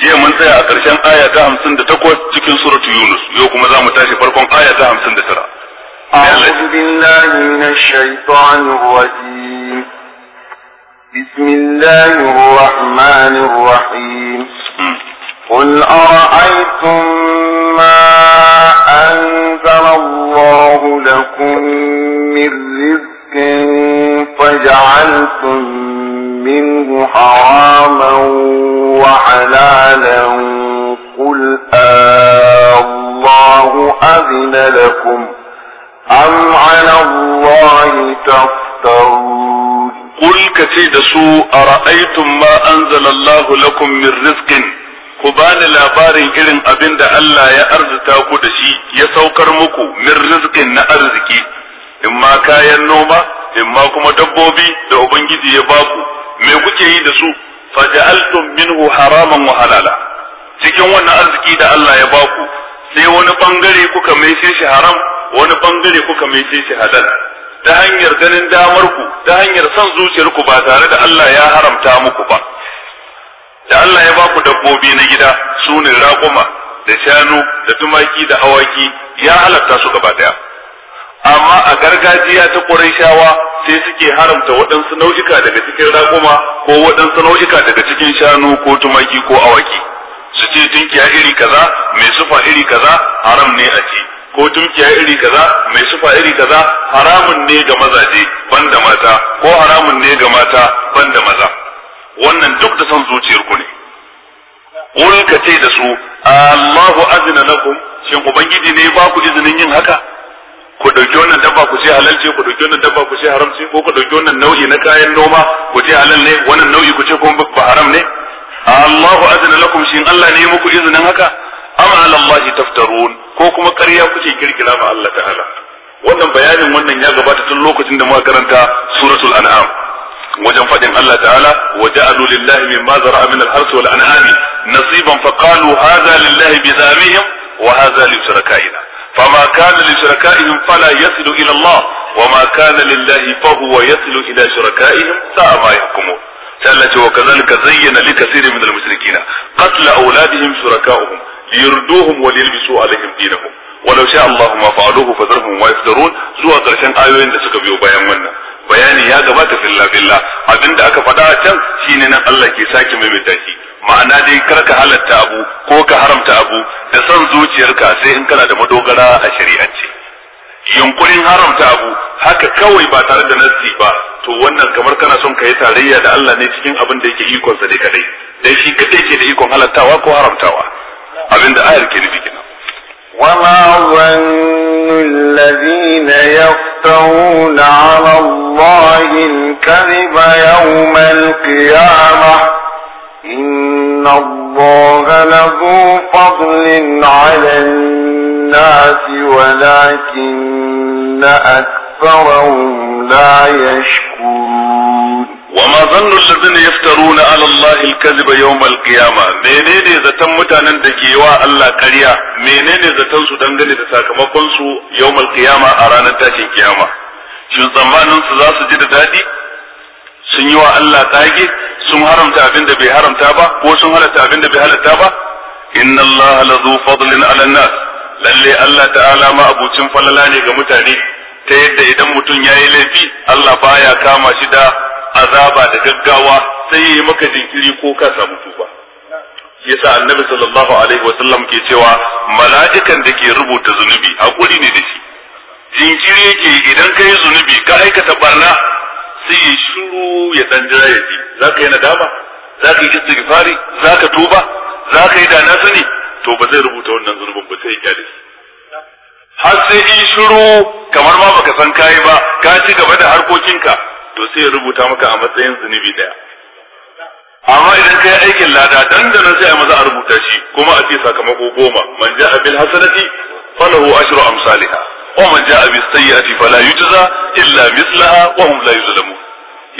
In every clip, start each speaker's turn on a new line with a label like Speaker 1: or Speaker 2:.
Speaker 1: jiya mun tsaya a ƙarshen aya ta hamsin da takwas cikin suratu yunus yau kuma za mu tashi farkon aya ta hamsin da tara أعوذ بالله من الشيطان الرجيم بسم الله الرحمن الرحيم قل أرأيتم ما أنزل الله لكم من رزق فجعلتم منه حراما وحلالا قل آه الله أذن لكم أم على الله تفترون قل كتيد سوء أرأيتم ما أنزل الله
Speaker 2: لكم من رزق ku bani labarin irin abin da Allah ya arzuta ku da shi ya saukar muku min rizqin na arziki in ma kayan noma in ma kuma dabbobi da ubangiji ya baku me kuke yi da su ja'altum minhu haraman wa halala cikin wannan arziki da Allah ya ba ku sai wani bangare kuka mai shi haram wani bangare kuka mai shi halal ta hanyar ganin damar ku ta hanyar son zuciyar ku ba tare da Allah ya haramta muku ba da Allah ya ba ku dabbobi na gida su ne raƙuma da shanu da tumaki da hawaki ya halatta su gaba daya amma a gargajiya ta Qurayshawa sai suke haramta waɗansu nau'ika daga cikin raƙuma ko waɗansu nau'ika daga cikin shanu ko tumaki ko awaki su ce tunkiya iri kaza mai sufa iri kaza haram ne a ce ko tunkiya iri kaza mai sufa iri kaza haramun ne ga mazaje da mata ko haramun ne ga mata ban da maza wannan duk da son zuciyar ku ne wurin ka ce da su Allahu azina lakum shin ubangiji ne ba ku izinin yin haka ku dauki wannan dabba ku ce halal ce ku dauki wannan dabba ku ce haram ce ko ku dauki wannan nau'i na kayan noma ku ce halal ne wannan nau'i ku ce kuma ba haram ne Allahu azna lakum shin Allah ne muku izinin haka am ala Allah taftarun ko kuma ƙarya kuke kirkira ma Allah ta'ala wannan bayanin wannan ya gabata tun lokacin da muka karanta suratul an'am wajen fadin Allah ta'ala wa ja'alu lillahi mimma zara'a min al-harth wal an'ami nasiban faqalu hadha lillahi bi dhamihim wa hadha li shurakaina فما كان لشركائهم فلا يصل إلى الله وما كان لله فهو يصل إلى شركائهم ساء ما يحكمون سألت وكذلك زين لكثير من المشركين قتل أولادهم شركائهم ليردوهم وليلبسوا عليهم دينهم ولو شاء الله ما فعلوه فذرهم ويفترون سوى قرشان آيوين da suka biyo bayan wannan bayani ya gabata filla filla abinda aka faɗa a can shine nan Allah ke sake maimaita shi ma'ana dai kar ka halatta abu ko ka haramta abu da son zuciyarka sai in kana da madogara a shari'ance yunkurin haramta abu haka kawai ba tare da nassi ba to wannan kamar kana son ka yi tarayya da Allah ne cikin abin da yake ikonsa dai kadai dai shi kadai ke da ikon halattawa ko haramtawa abin da ayar ke nufi kenan
Speaker 1: وما ظن الذين يفترون على الله kariba yawmal qiyamah إن الله لذو فضل على الناس ولكن أكثرهم لا يشكرون وما ظن الذين يفترون على الله الكذب
Speaker 2: يوم القيامة منين إذا تمت أن تجيوا الله كريا منين إذا تنسوا دمدن إذا ساكما قلسوا يوم القيامة أرانا تاكي القيامة شو زمان سزاس جد دادي سنيوا الله تاكي sun haramta abin da bai haramta ba ko sun halatta abin da bai halatta ba inna allaha lazu fadlin ala nas lalle allah ta'ala ma abucin falala ne ga mutane ta yadda idan mutum ya yi laifi allah baya kama shi da azaba da gaggawa sai ya yi maka jinkiri ko ka samu tuba yasa annabi sallallahu alaihi wa sallam ke cewa mala'ikan da ke rubuta zunubi hakuri ne da shi jinkiri yake idan kai zunubi ka aikata barna sai ya shiru ya dan ya ji za ka yi nadama za ka yi istighfari za ka tuba za ka yi dana sani to ba zai rubuta wannan zunubin ba sai ya kyale
Speaker 1: har sai in shiru
Speaker 2: kamar ma baka san kayi ba ka ci gaba da harkokinka to sai ya rubuta maka a matsayin zunubi daya amma idan kai aikin lada nan sai a maza a rubuta shi kuma a ce sakamako goma man ja'a bil hasanati falahu ashru amsalha wa man ja'a bis sayyi'ati fala yujza illa mislaha wa hum la yuzlamun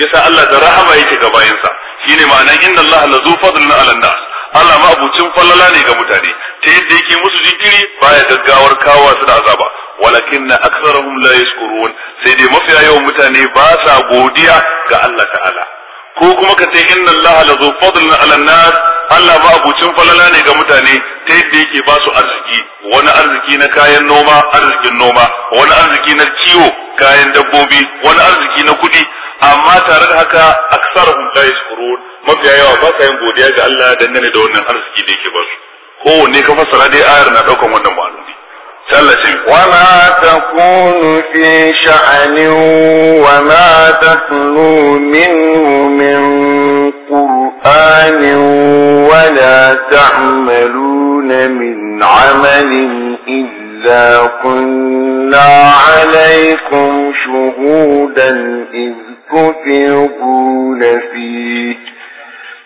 Speaker 2: yasa Allah da rahama yake ga bayansa shine ma'anan inna Allah la fadlun ala nas Allah ma abucin fallala ne ga mutane ta yadda yake musu jinkiri baya gaggawar kawo su da azaba walakinna aktharuhum la yashkurun sai dai mafiya yawan mutane ba sa godiya ga Allah ta'ala ko kuma ka ce inna Allah la fadlun ala nas Allah ba abucin falala ne ga mutane ta yadda yake ba su arziki wani arziki na kayan noma arzikin noma wani arziki na ciwo kayan dabbobi wani arziki na kuɗi amma tare da haka aksarahum la yashkurun mafiya yawa ba sa yin godiya ga Allah dangane da wannan arziki da yake ba su ko kowanne ka fassara dai ayar na daukan wannan sallace ma'anoni
Speaker 1: ثلاثين وما تكون في شأن وما تتلو min من قرآن ولا تعملون من عمل إلا كنا عليكم شهودا إذ تفرقون فيه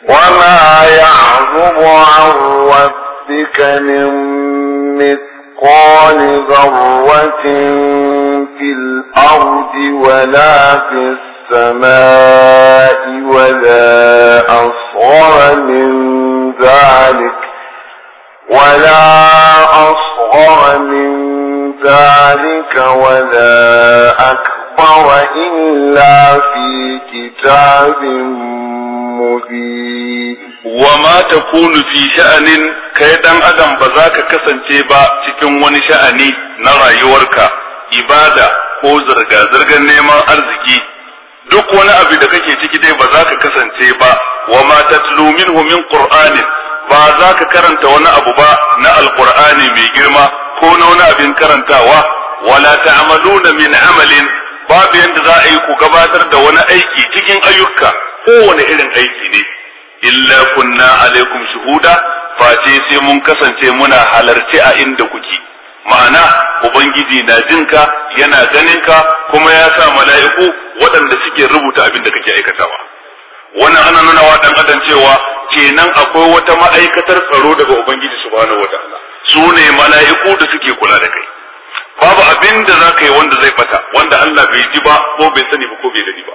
Speaker 1: وما يعظم عن ربك من مثقال ذرة في الأرض ولا في السماء ولا أصغر من ذلك ولا أصغر من ذلك ولا أكبر مفتر إلا في كتاب مبين
Speaker 2: وما تكون في شأن ka kasance ba cikin wani sha'ani na rayuwarka, ibada, ko zirga-zirgar neman arziki duk wani abu da kake ciki dai ba za ka kasance ba wa ma tatlu minhu min qur'anin ba za ka karanta wani abu ba na alqur'ani mai girma ko na wani abin karantawa wala ta'maluna min amalin babu yadda za a yi ku gabatar da wani aiki cikin ayyuka kowane irin aiki ne illa kunna alaikum shuhuda face sai mun kasance muna halarci a inda kuke ma'ana ubangiji na jinka yana ka kuma ya sa mala'iku waɗanda suke rubuta abin da kake aikatawa wannan ana nuna wa dan adam cewa kenan akwai wata ma'aikatar tsaro daga ubangiji subhanahu wataala su ne mala'iku da suke kula da kai babu abin da za yi wanda zai fata, wanda Allah bai ji ba ko bai sani ba ko bai gani ba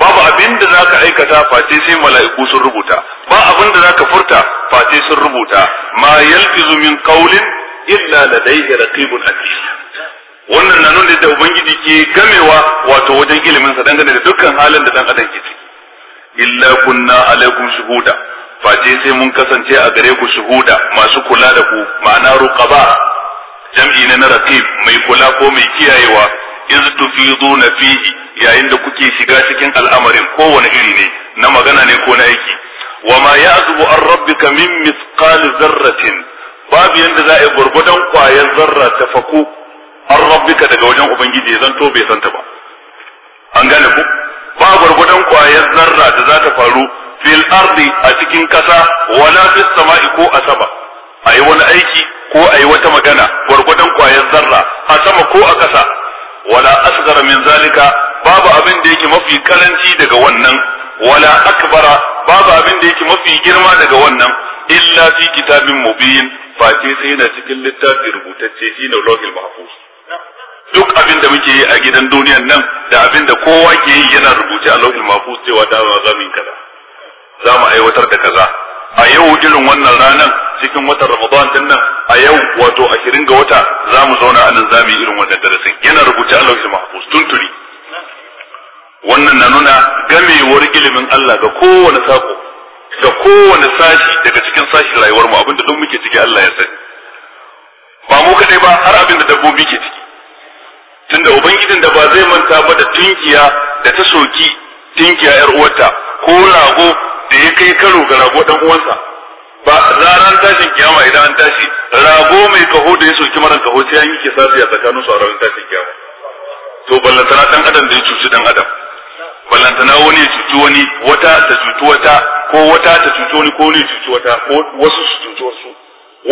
Speaker 2: babu abin da za ka aikata face sai mala'iku sun rubuta ba abin da za ka furta face sun rubuta ma yalfizu min qawlin illa ladayhi raqibun atid wannan na nuna da ubangiji ke gamewa wato wajen ilimin sa dangane da dukkan halin da dan adam ke ciki illa kunna alaikum shuhuda face sai mun kasance a gare ku shuhuda masu kula da ku ma'ana ruqaba jam'i ne na raqib mai kula ko mai kiyayewa iz tufiduna fihi yayin da kuke shiga cikin al'amarin kowane iri ne na magana ne ko na aiki wa ma ya'zubu an rabbika min mithqali zarratin babu yanda za a yi gurgudan kwayan zarra ta faku an rabbika daga wajen ubangiji zan to bai santa ba an gane ku ba gurgudan kwayan zarra da za ta faru fil ardi a cikin kasa wala fis sama'i ko asaba ayi wani aiki ko a yi wata magana gwargwadon ƙwayar zarra a sama ko a ƙasa wala asgar min zalika babu abin da yake mafi karanci daga wannan wala akbara babu abin da yake mafi girma daga wannan illa fi kitabin mubin ce sai yana cikin littafi rubutacce shi na lokacin mahfuz duk abin da muke yi a gidan duniyan nan da abin da kowa ke yi yana rubuce a lokacin mahfuz cewa da za mu yi kaza za mu aiwatar da kaza a yau irin wannan ranar cikin watan Ramadan din nan a yau wato 20 ga wata za mu zauna a nan zamu yi irin wannan darasin yana rubuta Allah ya mahfuz tunturi. wannan na nuna gamewar ilimin Allah ga kowane sako da kowane sashi daga cikin sashi rayuwar mu abinda duk muke ciki Allah ya sani ba mu kadai ba har abin da dabbobi ke ciki tunda ubangijin da ba zai manta ba da tinkiya da ta soki tinkiya yar uwarta ko rago da ya kai karo ga rago dan uwansa ba ranar tashin kiyama idan an tashi rago mai kaho da ya soki maran kaho sai an yi kisasi a tsakanin su a ranar tashin kiyama to ballantana dan adam da ya cuci dan adam ballantana wani ya cuci wani wata ta cuci wata ko wata ta cuci wani ko wani ya cuci wata ko wasu su cuci wasu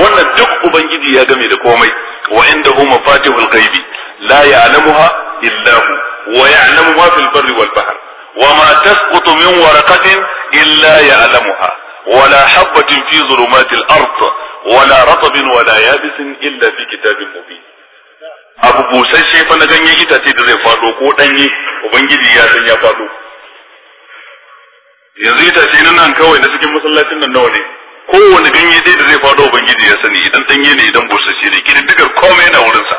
Speaker 2: wannan duk ubangiji ya game da komai wa inda hu mafatihul ghaibi la ya'lamuha illa hu wa ya'lamu ma fil barri wal bahr wa ma tasqutu min waraqatin illa ya'lamuha ولا حبة في ظلمات الأرض ولا رطب ولا يابس إلا في كتاب مبين abu busasshe fa na ganye itace da zai fado ko danye ubangiji ya san ya fado yanzu itace na nan kawai na cikin masallacin nan nawa ne kowane ganye dai da zai fado ubangiji ya sani idan danye ne idan busasshe ne kididdigar komai yana wurinsa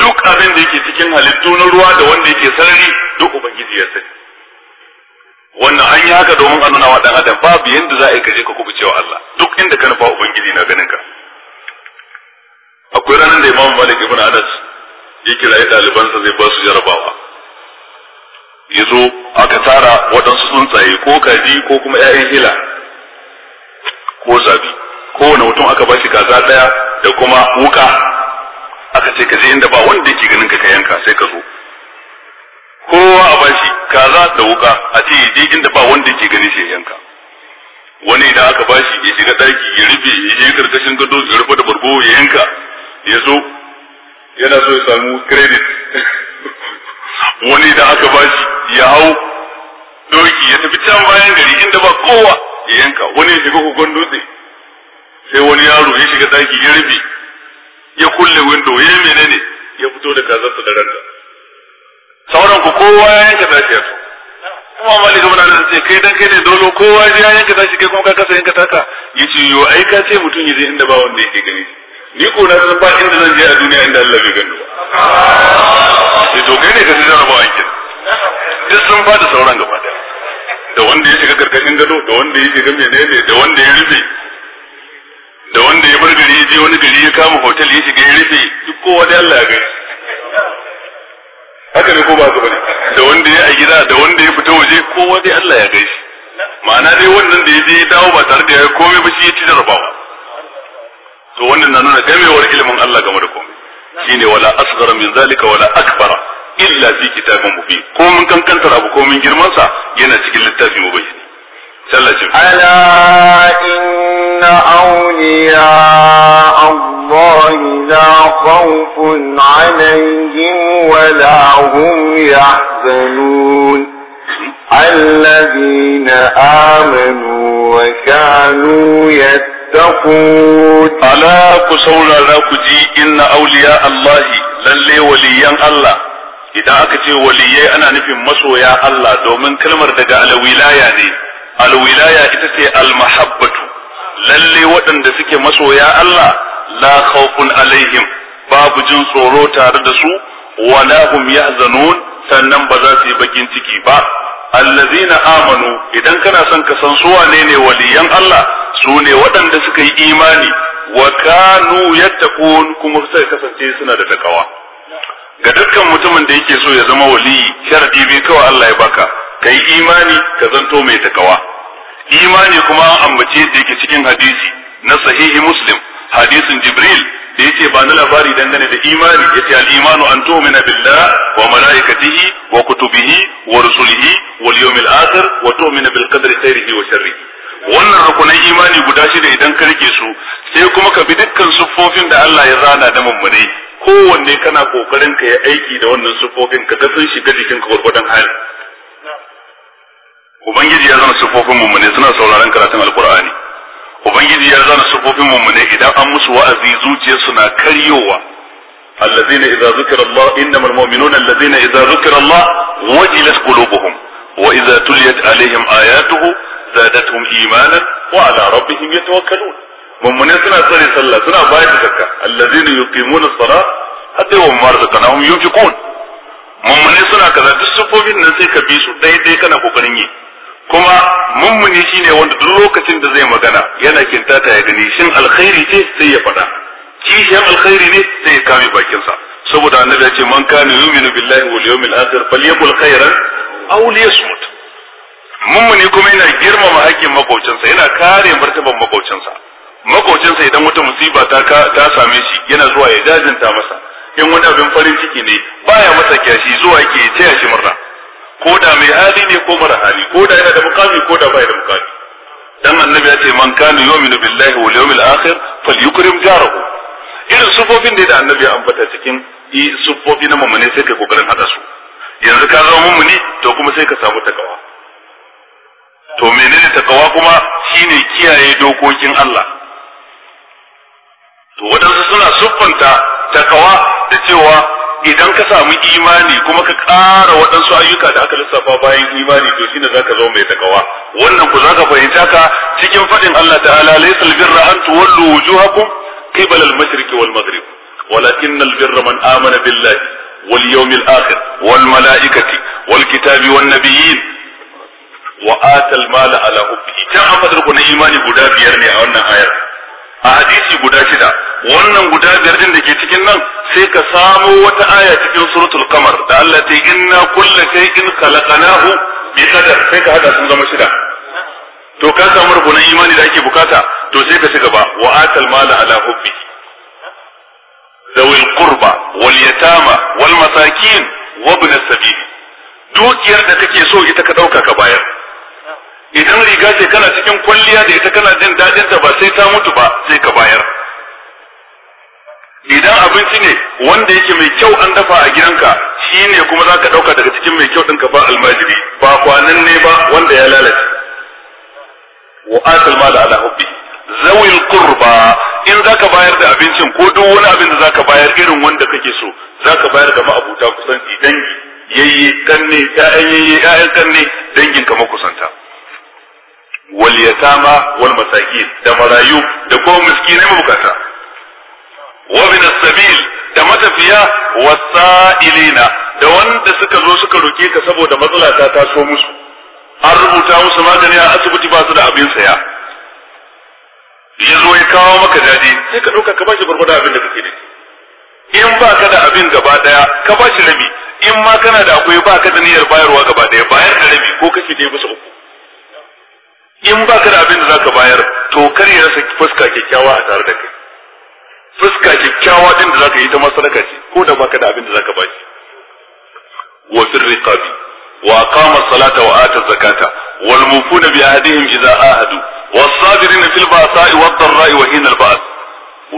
Speaker 2: duk abin da yake cikin halittu na ruwa da wanda yake sarari duk ubangiji ya sani wannan an yi haka domin a nuna wa dan adam babu yanda za a yi kaje ka kubucewa Allah duk inda ka nufa ubangiji na ganin ka akwai ranar da Imam Malik ibn Anas ya kira ya ɗalibansa zai ba su jarabawa ya zo aka tara waɗansu tsuntsaye ko kaji ko kuma 'ya'yan hila ko zabi kowane mutum aka ba shi kaza ɗaya da kuma wuka aka ce ka je inda ba wanda yake ganin ka ka yanka sai ka zo kowa a bashi kaza da wuka a ce je inda ba wanda ke gani shi yanka wani idan aka bashi ya shiga daki ya rufe ya yi karkashin gado ya rufe da barbo ya yanka ya zo yana so ya samu credit wani idan aka bashi ya hau doki ya tafi can bayan gari inda ba kowa ya yanka wani ya shiga kogon dutse sai wani yaro ya shiga daki ya rufe ya kulle window ya yi menene ya fito da kazarsa da ranta sauran ku kowa ya yanka tashi ya so kuma malik ibn anas ce kai dan kai ne dole kowa ya yanka tashi kai kuma ka kasa yanka taka yace yo ai ka ce mutum yaje inda ba wanda yake gani ni ko na san ba inda zan je a duniya inda Allah bai gani ba sai to kai ne ka ji jarabawa yake duk sun da sauran gaba da wanda ya shiga karkashin gado da wanda ya shiga menene da wanda ya rufe da wanda ya bar gari ya je wani gari ya kama hotel ya shiga ya rufe duk kowa da Allah ya gani haka ne ko ba haka bane da wanda ya a gida da wanda ya fita waje kowa dai Allah ya gaishe ma'ana dai wannan da ya je ya dawo ba tare da ya komai ba shi ya ci jarabawa to wannan na nuna gamewar ilimin Allah game da komai shine wala asghara min zalika wala akbara illa fi kitabin mubin ko mun kankanta abu ko mun girman sa yana cikin littafin mubin sallallahu ala inna awliya Allah la khawfun alaihim
Speaker 1: ولا هم يحزنون الذين آمنوا وكانوا يتقون ألا كسول لا
Speaker 2: كجي إن أولياء الله للي وليا الله إذا أكتي وليا أنا نفي مسو يا الله دومن كلمة دقاء الولاية دي الولاية إتتي المحبة للي وطن دفك مسو يا الله لا خوف عليهم باب جنس وروتا رد wala hum ya'zanun sannan ba za su yi bakin ciki ba allazina amanu idan kana son ka san su wane ne waliyan Allah su ne waɗanda suka yi imani wa kanu yattaqun kuma suka kasance suna da takawa ga dukkan mutumin da yake so ya zama waliyi sharadi bi kawai Allah ya baka kai imani ka zanto mai takawa imani kuma an ambace da yake cikin hadisi na sahihi muslim hadisin jibril da yake ba na labari dangane da imani yace al-imanu an tu'mina billah wa malaikatihi wa kutubihi wa rusulihi wal yawmil akhir wa tu'mina bil qadri khairihi wa sharrihi wannan rukunan imani guda shida idan ka rike su sai kuma ka bi dukkan sufofin da Allah ya zana da mummunai kowanne kana kokarin ka yi aiki da wannan sufofin ka ga sun shiga jikin ka gurgurdan hali ubangiji ya zama sufofin mummune suna sauraron karatun alqur'ani ubangiji ya zana sufofin mummune idan an musu wa'azi zuciyarsu suna karyowa allazina idza zukira Allah innamal mu'minuna allazina idza zukira Allah wajilat qulubuhum wa idza tuliyat alaihim ayatuhu zadatuhum imanan wa ala rabbihim yatawakkalun mummune suna tsare sallah suna bayar da zakka allazina yuqimuna as-salah hatta wa ma razaqnahum yunfiqun mummune suna kaza duk sufofin nan sai ka bi su daidai kana kokarin yi kuma mummuni shine wanda duk lokacin da zai magana yana kintata ya gani shin alkhairi ce sai ya faɗa kishiyar alkhairi ne sai ya kame bakinsa saboda annabi ya ce man kana yu'minu billahi wal yawmil akhir falyakul khairan aw liyasmut mummuni kuma yana girmama hakkin makocinsa yana kare martaban makocinsa makocinsa idan wata musiba ta ta same shi yana zuwa ya jajinta masa in wani abin farin ciki ne baya masa kyashi zuwa yake ya taya shi murna ko da mai hali ne ko mara hali ko da yana da mukami ko da bai da mukami dan annabi ya ce man kana yu'minu billahi wal yawmil akhir falyukrim jarahu irin sufofin da annabi ya ambata cikin sufofi na mamane sai kai kokarin hada su yanzu ka zama mumuni to kuma sai ka samu takawa to menene takawa kuma shine kiyaye dokokin Allah to waɗansu suna siffanta takawa da cewa idan ka samu imani kuma ka ƙara waɗansu ayyuka da aka lissafa bayan imani to shine zaka zo mai takawa wannan ku zaka fahimta ka cikin faɗin Allah ta'ala laysal birra an tuwallu wujuhakum qibala al-mashriq wal maghrib walakin al-birra man amana billahi wal yawmil akhir wal malaikati wal kitabi wan nabiyyin wa atal mala ala hubbi ita an ku na imani guda biyar ne a wannan ayar a hadisi guda shida wannan guda biyar din da ke cikin nan sai ka samo wata aya cikin suratul kamar da Allah ta inna kullu shay'in khalaqnahu bi qadar sai ka hada sun zama shida to ka samu rubunan imani da ake bukata to sai ka ci gaba wa atal mala ala hubbi zawil qurba wal yatama wal masakin wa ibn sabil dukiyar da kake so ita ka dauka ka bayar idan riga ce kana cikin kwalliya da ita kana jin dadin ta ba sai ta mutu ba sai ka bayar idan abinci ne wanda yake mai kyau an dafa a gidanka shi ne kuma za ka ɗauka daga cikin mai kyau ɗinka ba almajiri ba kwanan ne ba wanda ya lalace wa asal mala ala hubbi zawil qurba in zaka bayar da abincin ko duk wani abin da zaka bayar irin wanda kake so zaka bayar da ma'abuta kusan dangi yayye kanne ƴaƴan yayye ƴaƴan kanne dangin ka makusanta wal yatama wal masakin da marayu da ko miskinai mabukata wa min as-sabil da matafiya wasa'ilina da wanda suka zo suka roke ka saboda matsala ta taso musu an rubuta musu magani a asibiti ba su da abin saya ya zo ya kawo maka daɗi sai ka ɗauka ka bashi gwargwadon abin da kake da in ba ka da abin gaba ɗaya ka bashi rabi in ma kana da akwai ba ka da niyyar bayarwa gaba ɗaya bayar da rabi ko kake dai musu uku in ba ka da abin da zaka bayar to kar ya rasa fuska kyakkyawa a tare da kai fuska kyakkyawa din da zaka yi ta masadaka ce ko da baka da abin da zaka bashi wa fir riqabi wa aqama salata wa ata zakata wal mufuna bi ahdihim idza ahadu was sabirin fil ba'sa'i wad dharra'i wa hina al ba'th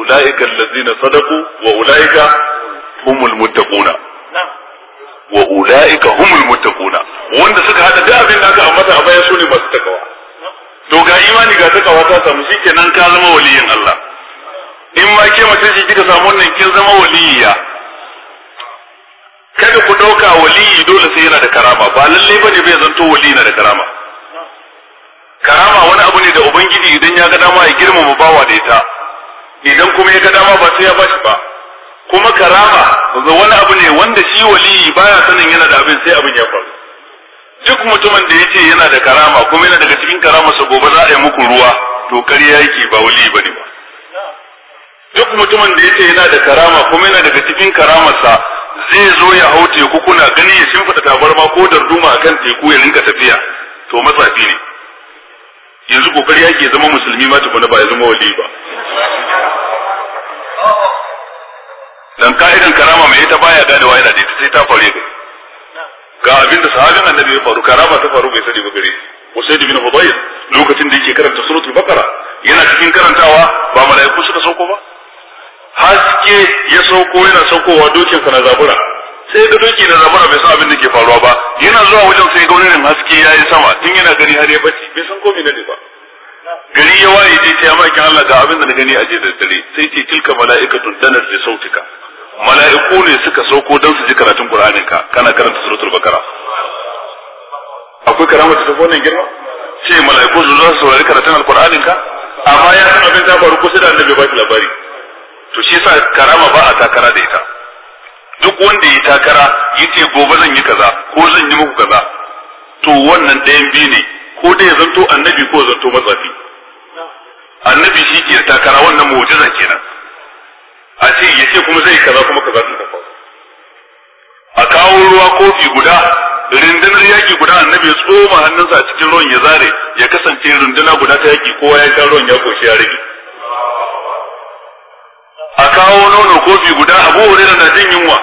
Speaker 2: ulaika allazina sadaqu wa ulaika humul muttaquna wa ulaika humul wanda suka hada da abin aka ambata a baya sune masu takawa to imani ga takawa ta samu ka zama waliyin Allah in ma ke mace shi kika samu wannan kin zama waliya kada ku dauka waliyi dole sai yana da karama ba lalle bane bai zanto wali na da karama karama wani abu ne da ubangiji idan ya ga dama ya girmama bawa da ita idan kuma ya ga dama ba sai ya bashi ba kuma karama wani abu ne wanda shi waliyi baya sanin yana da abin sai abin ya faru duk mutumin da yace yana da karama kuma yana daga cikin karamarsa gobe za a yi muku ruwa to kariya yake ba waliyi bane ba duk mutumin da yake yana da karama kuma yana daga cikin karamarsa zai zo ya hau teku kuna gani ya shimfida tabarma ko darduma akan teku ya rinka tafiya to matsafi ne yanzu kokari yake zama musulmi ma tukuna ba ya zama wali ba dan ka'idan karama mai ita baya gane yana da ita sai ta fare ga ga abin da sahabin annabi ya faru karama ta faru bai sani ba gare Usaid bin Hudayr lokacin da yake karanta suratul Baqara yana cikin karantawa ba mala'iku suka sauko ba haske ya sauko yana saukowa dokin sa na zabura sai ga doki na zabura bai san abin da ke faruwa ba yana zuwa wajen sai ga wani ya haske yayi sama tun yana gani har ya bacci bai san na ne ba gari ya waye je ta maki Allah ga abin da na gani a je da dare sai ce tilka mala'ikatu danar da sautika mala'iku ne suka sauko don su ji karatun Qur'anin ka kana karanta suratul bakara. akwai karama da wannan girma sai mala'iku su zo su saurari karatun al ka amma ya san abin da faru ko sai da annabi ba shi labari to shi yasa karama ba a takara da ita duk wanda ya takara yace gobe zan yi kaza ko zan yi muku kaza to wannan ɗayan biyu ne ko dai zanto annabi ko zanto matsafi annabi shi ke takara wannan mu'jiza kenan a ce ya ce kuma zai kaza kuma kaza din tafa a kawo ruwa kofi guda rundunar yaki guda annabi ya tsoma hannunsa a cikin ruwan ya zare ya kasance rinduna guda ta yaki kowa ya sha ruwan ya koshi ya rage a kawo nono kofi guda abu da na jin yunwa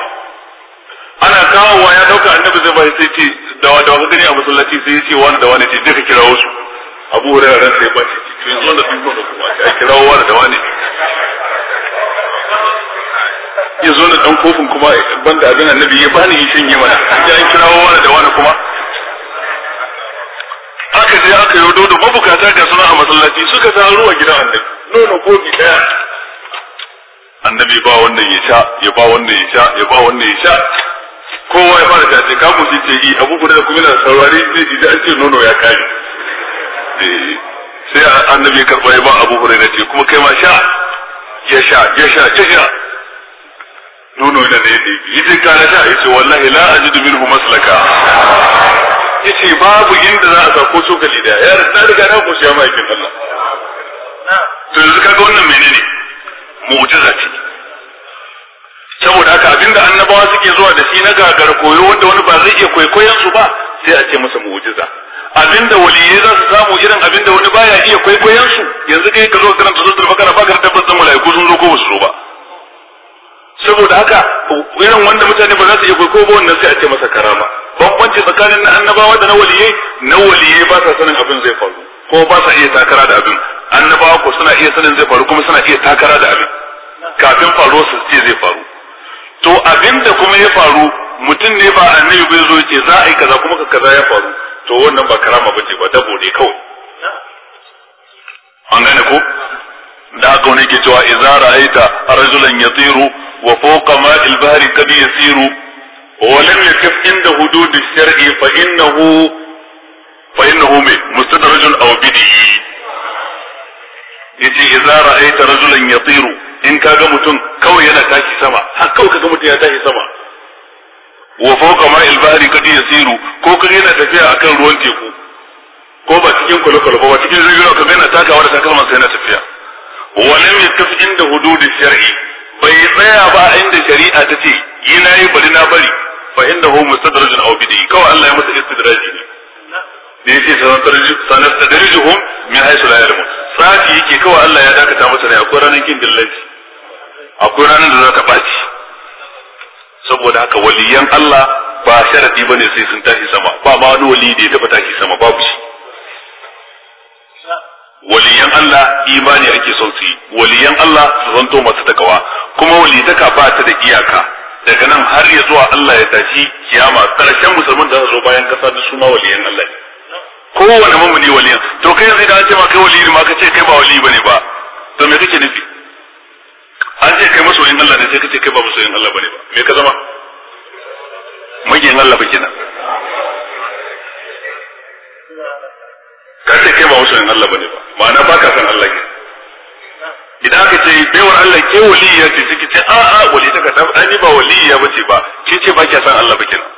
Speaker 2: ana kawowa ya dauka annabi zai bai sai ce da wa da gani a masallaci sai ce wani da wani ce duka kirawo su abu da ran sai bace to yanzu da sun nono kuma sai kirawo wani da wani ya zo da dan kofin kuma banda abin annabi ya bani in shin mana ya an kirawo wani da wani kuma Haka sai aka yi dodo mabukata ga suna a masallaci suka taruwa gidan annabi nono kofi daya annabi ba wanda ya sha ya ba wanda ya sha ya ba wanda ya sha kowa ya fara tace ka mu ce yi eh, abu guda kuma yana saurare ne idan an ce nono ya kare eh, sai annabi ya karba ya ba abu hurairah ce kuma kai ma sha ya sha ya sha ya sha nono yana da yadda yake yace kana sha yace wallahi la ajidu minhu maslaka ce babu inda za a sa ko cokali da ya na riga na koshi ya ma'aikin Allah to yanzu kaga wannan menene mu'jiza ce saboda haka abinda annabawa suke zuwa da shi na gagar koyo wanda wani ba zai iya kwaikwayon su ba sai a ce masa mu'jiza abinda waliyai za su samu irin abinda wani baya iya kwaikwayon su yanzu kai ka zo ka karanta suratul bakara ba ka tabbata mala'iku sun zo ko ba su zo ba saboda haka irin wanda mutane ba za su iya kwaikwayo ba wannan sai a ce masa karama bambanci tsakanin na annabawa da na waliyai na waliyai ba sa sanin abin zai faru ko ba sa iya takara da abin annabawa ko suna iya sanin zai faru kuma suna iya takara da abin kafin faruwa su ce zai faru to abin da kuma ya faru mutum ne ba annabi bai zo ce za a yi kaza kuma kaza ya faru to wannan ba karama bace ba dabo ne kawai an gane ko da aka wani ke cewa idza ra'aita rajulan yatiru wa fawqa ma'il bahri kad yasiru wa lam yakif inda
Speaker 1: hudud ash-shar'i fa innahu fa innahu mustadrajun aw bid'i
Speaker 2: yace idza ra'aita rajulan yatiru in kaga mutum kawai yana tashi sama har kawai kaga mutum ya tashi sama wa fawqa ma'il bahri kad yasiru ko kaga yana tafiya akan ruwan teku ko ba cikin kwalokwalo ba cikin jirgin ka yana takawa da takalman sai na tafiya wa lam yakif inda hududi shar'i bai tsaya ba inda shari'a ta ce yi na yi bari na bari fa inda hu mustadrajun aw bidi kawai Allah ya masa istidraji ne da yake sanar da darajuhum min haythu la ya'lamun sati yake kawai Allah ya dakata masa ne akwai ranar kin dillaci akwai ranar da za ta ɓaci saboda haka waliyan Allah ba sharadi bane sai sun tashi sama ba ma wani wali da ya taɓa tashi sama babu shi waliyan Allah imani ake son su yi waliyan Allah su zanto masu takawa kuma walitaka ba ta da iyaka daga nan har ya zuwa Allah ya tashi kiyama karshen musulmin da zo bayan kasa da su ma waliyan Allah ne kowane mamuni waliyan to kai yanzu da an ce ma kai waliyi ma ka ce kai ba waliyi bane ba to me kake nufi an ce kai masoyin Allah ne sai ka ce kai ba masoyin Allah bane ba me ka zama magiyin Allah ba kenan ka ce kai ba masoyin Allah bane ba ma'ana ba ka san Allah ke idan aka ce baiwar Allah ke waliya ce kike ce a a wali ta kasan ani ba waliya bace ba kin ce ba ki san Allah ba kenan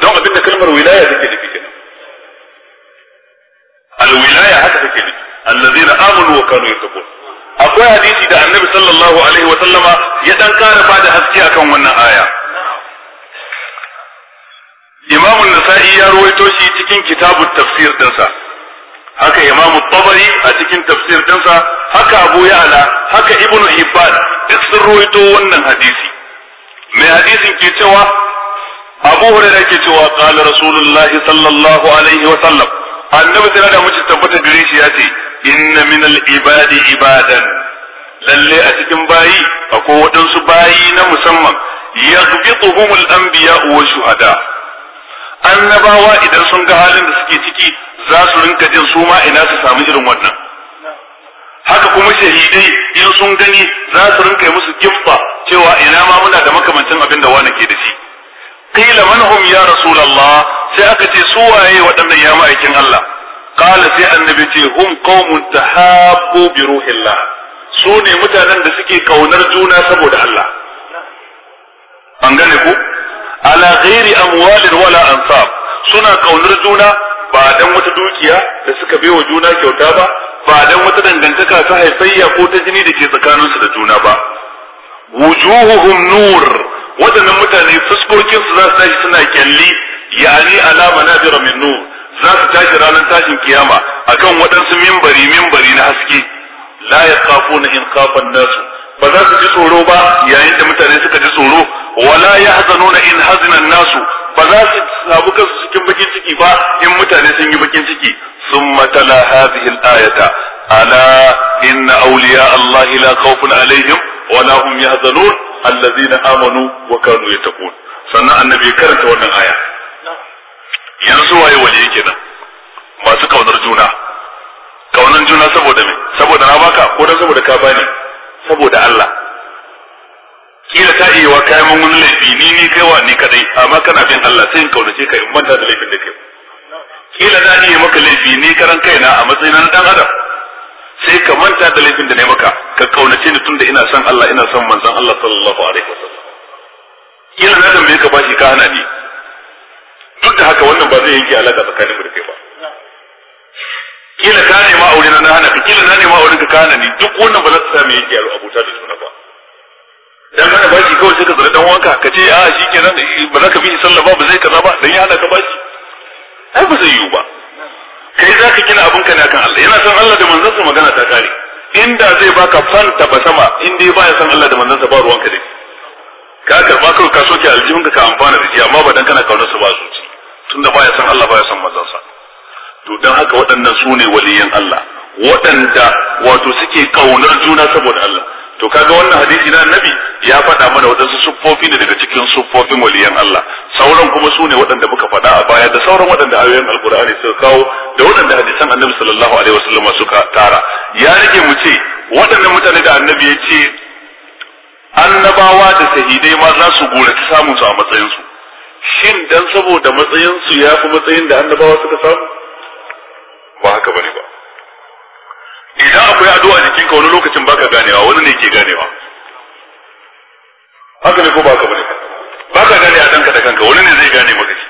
Speaker 2: don abinda kalmar wilaya take nufi kenan al wilaya haka take nufi allazina amanu wa kanu yattaqun akwai hadisi da annabi sallallahu alaihi wa sallama ya dan kara bada haske akan wannan aya Imam nasai ya ruwaito shi cikin kitabun tafsir dinsa haka Imam Tabari a cikin tafsir dinsa haka Abu Ya'la haka Ibn Hibban duk sun ruwaito wannan hadisi mai hadisin ke cewa Abu Hurairah ke cewa qala Rasulullahi sallallahu alaihi wa sallam annabi sai da mutum tabbata gare shi ya ce inna min al-ibadi ibadan lalle a cikin bayi akwai waɗansu bayi na musamman ya yaghbituhum al-anbiya wa shuhada annabawa idan sun ga halin da suke ciki za su rinka jin su ma ina su samu irin wannan haka kuma shahidai in sun gani za su rinka musu giffa cewa ina ma muna da makamancin abin da wani ke da shi qila man hum ya rasulullah sai aka ce su waye waɗannan ya ma'aikin Allah qala annabi ce hum qaumun tahabbu bi ruhillah su ne mutanen da suke kaunar juna saboda Allah an gane ku ala ghairi amwalin wala suna ƙaunar juna ba dan wata dukiya da suka baiwa juna kyauta ba ba dan wata dangantaka ta haifayya ko ta jini da ke tsakaninsu da juna ba
Speaker 1: wujuhuhum nur waɗannan mutane fuskokinsu za su tashi suna kyalli yani
Speaker 2: alama nadira min nur za su tashi ranar tashin kiyama akan waɗansu mimbari mimbari na haske la yakhafuna in khafan nasu ba za su ji tsoro ba yayin da mutane suka ji tsoro wala yahzanuna in hazana nasu ba za su samu kansu cikin bakin ciki ba in mutane sun yi bakin ciki Sun matala hadhihi ayata ala inna awliya Allah la khawfun alaihim wala hum yahzanun alladhina amanu wa kanu yattaqun sannan annabi karanta wannan aya yanzu waye waje yake nan masu kaunar juna kaunar juna saboda me saboda na baka ko dan saboda ka bani saboda Allah kila ta iya wa kayan mun wani laifi ni ni kaiwa ni kadai amma kana bin Allah sai in kaunace ka in manta da laifin da kai kila na ni maka laifi ni karan kaina a matsayin na dan adam sai ka manta da laifin da ne maka ka kaunace ni tunda ina son Allah ina son manzon Allah sallallahu alaihi wasallam kila na dambe ka bashi ka hana ni duk da haka wannan ba zai yanke alaƙa tsakanin mu da kai ba
Speaker 1: kila ka nema aure na
Speaker 2: hana ka kila na nema aure ka kana ni duk wannan ba za ta sami yanke abuta da juna ba dan hana baki kawai sai ka zara dan wanka ka ce a ah, shi shikenan ba za ka bi sallah ba ba zai kaza ba dan ya hana ka baki ai ba zai yiwu ba kai za ka gina abin ka ne akan Allah yana son Allah da manzansa magana ta kare inda zai baka fanta ba sama inda dai baya son Allah da manzansa ba ruwan ruwanka dai ka karba kawai ka soke aljihunka ka amfana da shi amma ba dan kana kauna tunda baya san Allah baya san manzansa to dan haka waɗannan su ne waliyan Allah waɗanda wato suke kaunar juna saboda Allah to kaga wannan hadisi na annabi ya faɗa mana waɗansu siffofi ne daga cikin siffofin waliyan Allah sauran kuma su ne waɗanda muka faɗa a baya da sauran waɗanda ayoyin alkur'ani suka kawo da waɗanda hadisan annabi sallallahu alaihi wasallam suka tara ya rage mu ce waɗannan mutane da annabi ya ce annabawa da sahidai ma za su goraci samun su a matsayin su shin dan saboda matsayin su ya fi matsayin da annabawa suka samu ba haka bane ba idan akwai addu'a a jikin ka wani lokacin baka ganewa wani ne ke ganewa haka ne ko ba ka bane ka gane a danka da kanka wani ne zai gane maka shi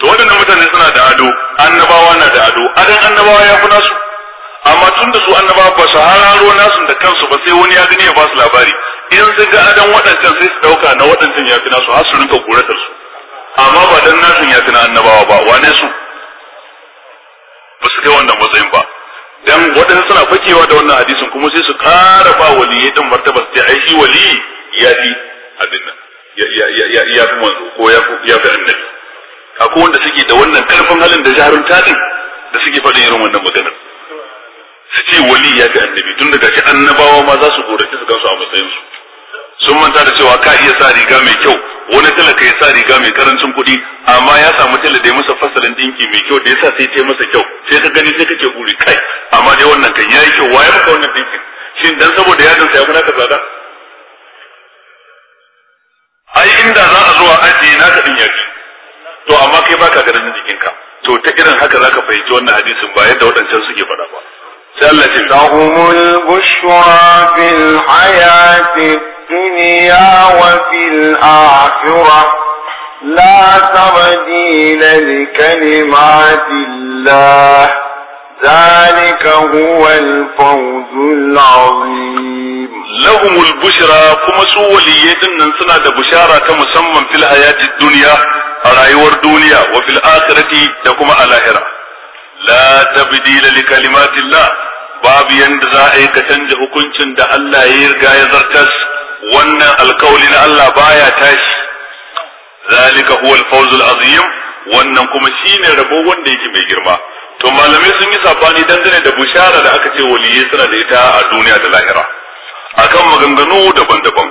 Speaker 2: to wadannan mutane suna da ado annabawa na da ado adan annabawa ya fi nasu amma tun da su annabawa ba su hararo nasu da kansu ba sai wani ya gani ya ba su labari idan sun ga adan waɗancan sai su ɗauka na waɗancan ya fi nasu har su rinka kuratar su amma ba dan nasin ya tuna annabawa ba wane su ba su kai wannan matsayin ba dan wadanda suna fakewa da wannan hadisin kuma sai su kara ba wali ya dan martaba su ai shi wali ya fi abin nan ya ya fi manzo ko ya ya fi annabi akwai wanda suke da wannan karfin halin da jarun tadin da suke faɗin irin wannan maganar su ce wali ya fi annabi tun daga shi annabawa ma za su korafi su gansu a matsayinsu sun manta da cewa ka iya sa riga mai kyau wani talaka ya sa riga mai karancin kuɗi amma ya samu tela da ya masa fasalin dinki mai kyau da ya sa sai ta masa kyau sai ka gani sai kake buri kai amma dai wannan kan yayi kyau waye maka wannan dinkin shin dan saboda ya sa ya kuna ka tsada ai inda za a zo a na ka din yaki to amma kai baka ganin jikinka to ta irin haka zaka fahimci wannan hadisin ba yadda waɗancan suke faɗa ba sai Allah
Speaker 1: ya ce lahumul bushra fil hayati الدنيا وفي الآخرة لا تبديل لكلمات الله ذلك هو الفوز العظيم لهم البشرى كما سوى
Speaker 2: ليدن ننسنا بشارة كما سمم في الحياة الدنيا رايور دنيا وفي الآخرة تكما الاهرة لا تبديل لكلمات الله باب يندزا ايكا تنجه كنشن ka الله hukuncin da wannan alkawali na Allah baya tashi zalika huwa al-fawzul azim wannan kuma shine rabo wanda yake mai girma to malamai sun yi sabani dangane da bushara da aka ce waliyai suna da ita a duniya da lahira akan maganganu daban-daban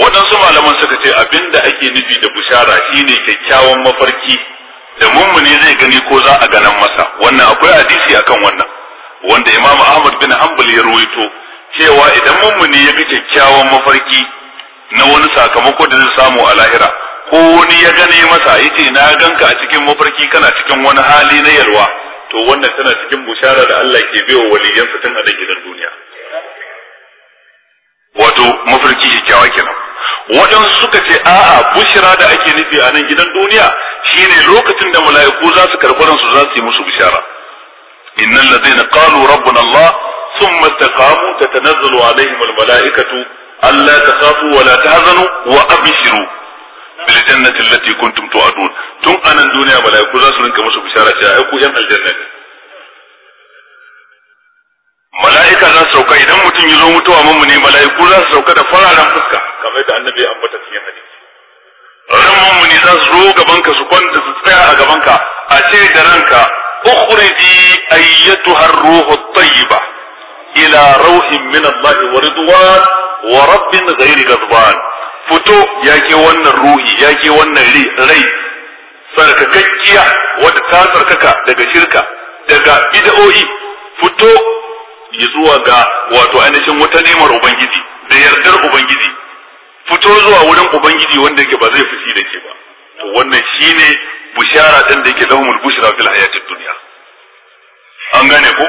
Speaker 2: waɗansu malaman suka ce abinda ake nufi da bushara shine kyakkyawan mafarki da mummuni zai gani ko za a ganan masa wannan akwai hadisi akan wannan wanda Imam Ahmad bin Hanbal ya ruwaito cewa idan mummuni ya fi kyakkyawan mafarki na wani sakamako da zai samu a lahira ko wani ya gane masa ce na ganka a cikin mafarki kana cikin wani hali na yalwa to wannan tana cikin bushara da Allah ke biyo waliyansa tun a gidan duniya wato mafarki kyakkyawa kenan waɗansu suka ce a'a bushara da ake nufi a nan gidan duniya shine lokacin da mala'iku za su karɓi su za su yi musu bishara innal ladzina qalu rabbuna Allah thumma istaqamu tatanazzalu alaihim al mala'ikatu ألا تخافوا ولا تحزنوا وأبشروا بالجنة tun anan duniya mala'iku za su ولا يكون رسول كما بشارة يكون يم الجنة mala'ika za su sauka idan mutum ya zo mutuwa mamu ne mala'iku za su sauka da fararen fuska kamar yadda annabi ya ambata cikin hadisi ran ne za su zo gabanka su kwanta su tsaya a gabanka a ce da ranka ukhriji ayyatuha ar-ruhu at ba. ila rauhin min Allah wa ridwan wa rabbin ghairi ghadban fito yake wannan ruhi yake wannan rai sarkakakkiya wadda ta sarkaka daga shirka daga bid'o'i fito zuwa ga wato ainihin wata nemar ubangiji da yardar ubangiji fito zuwa wurin ubangiji wanda yake ba zai fushi da ke ba to wannan shine bushara ɗin da yake lahumul bushra fil hayatid dunya an gane ko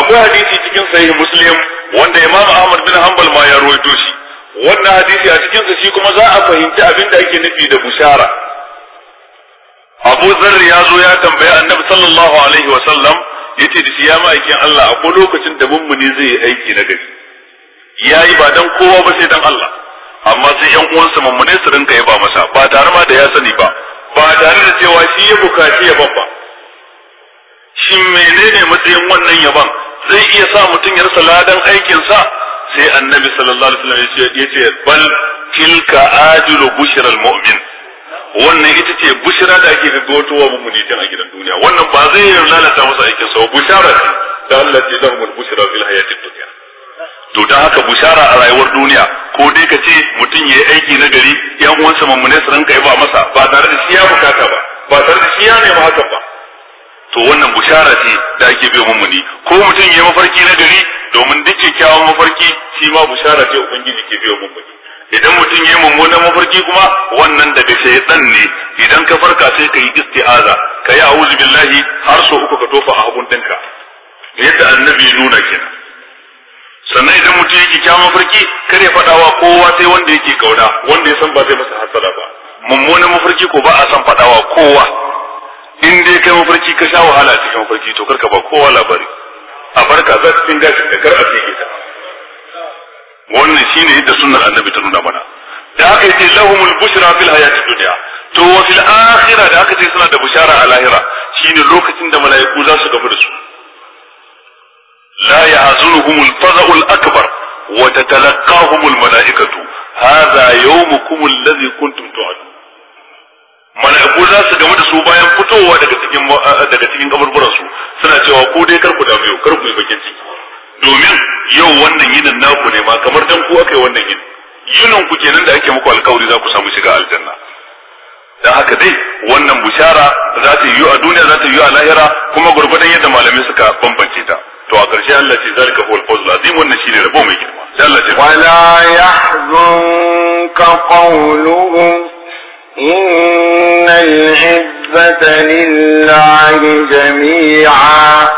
Speaker 2: akwai hadisi cikin sahih muslim wanda imam ahmad bin hanbal ma ya ruwaito shi wannan hadisi a cikin sa shi kuma za a fahimci abin da ake nufi da bushara abu zarri ya zo ya tambaya annabi sallallahu alaihi wa sallam yace da shi ya ma'aikin Allah akwai lokacin da muni zai yi aiki na gari yayi ba dan kowa ba sai dan Allah amma sai yan uwansa mummune su rinka yaba masa ba tare ma da ya sani ba ba tare da cewa shi ya bukaci yaban ba shin menene matsayin wannan yaban zai iya sa mutum ya rasa ladan aikinsa sai annabi sallallahu alaihi wasallam ya ce bal tilka bushral mu'min wannan ita ce bushra da ake gaggawtowa mu ne a gidan duniya wannan ba zai lalata masa aikin sa bushara ce da Allah ya dahu bushra fil hayatid dunya to dan haka bushara a rayuwar duniya ko dai ka ce mutum yayi aiki na gari yan uwansa mamune su rinka yaba masa ba tare da shi ya bukata ba ba tare da shi ya nema hakan ba to wannan bushara ce da ake biyo mummuni ko mutum ya mafarki na gari domin duk kyakkyawan mafarki shi ma bushara ce ubangiji ke biyo mummuni idan mutum ya mummunan mafarki kuma wannan daga shaytan ne idan ka farka sai ka yi isti'aza ka yi a'udhu billahi har so uku ka tofa a hagun dinka yadda annabi ya nuna kenan sannan idan mutum yake kyawun mafarki kar ya faɗawa kowa sai wanda yake kauna wanda ya san ba zai masa hasala ba mummunan mafarki ko ba a san faɗawa kowa in dai kai mafarki ka sha wahala a cikin mafarki to karka ba kowa labari a barka za su gashin da kar a fike ta wannan shine yadda sunan annabi ta nuna mana da aka yi lahumul bushra fil hayatid dunya to wa fil akhirah da aka ce suna da bushara a lahira shine lokacin da mala'iku za su gamu da su la yahzunuhumul faza'ul akbar wa tatalaqahumul mala'ikatu hadha yawmukum alladhi kuntum tu'adun mala'iku za su gamu da su bayan fitowa daga cikin eh, daga cikin kaburburan su suna cewa ko dai kar ku dame kar ku yi bakin ciki domin yau wannan yinin naku ne ma kamar dan ku aka yi wannan yinin yinin ku kenan da ake muku alkawari za ku samu shiga aljanna dan haka dai wannan bushara za ta yi a duniya za ta yi a lahira kuma gurgurdan yadda malamai suka bambance ta to a ƙarshe Allah ce zalika
Speaker 1: huwal fawzul azim wannan shine rabo mai girma sai Allah ce wala yahzunka qawluhum إن العزة لله جميعا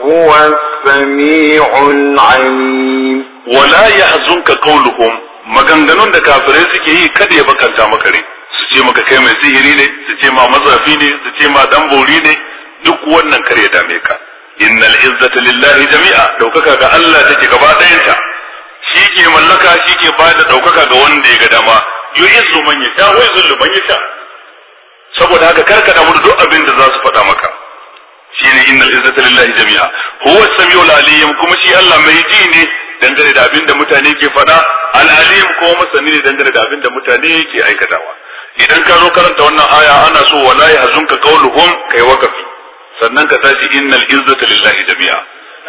Speaker 1: هو السميع العليم ولا يحزنك قولهم maganganun da kafirai suke
Speaker 2: yi kada ya يبقى maka rai su ce maka kai mai sihiri ne su ce ma ne su ce ma ne duk wannan kare dame ka innal izzata lillahi jami'a daukaka ga Allah take gaba shi ke mallaka shi ke bada daukaka ga wanda ya ga dama yu'izzu man yasha wa yuzillu man yasha saboda haka karka da duk abin da za su faɗa maka shine innal izzata lillahi jami'a huwa as-sami'ul alim kuma shi Allah mai ji ne dangane da abin da mutane ke faɗa al-alim kuma masani ne dangane da abin da mutane ke aikatawa idan ka zo karanta wannan aya ana so wala yahzunka qawluhum kai wakafi sannan ka tashi innal izzata lillahi jami'a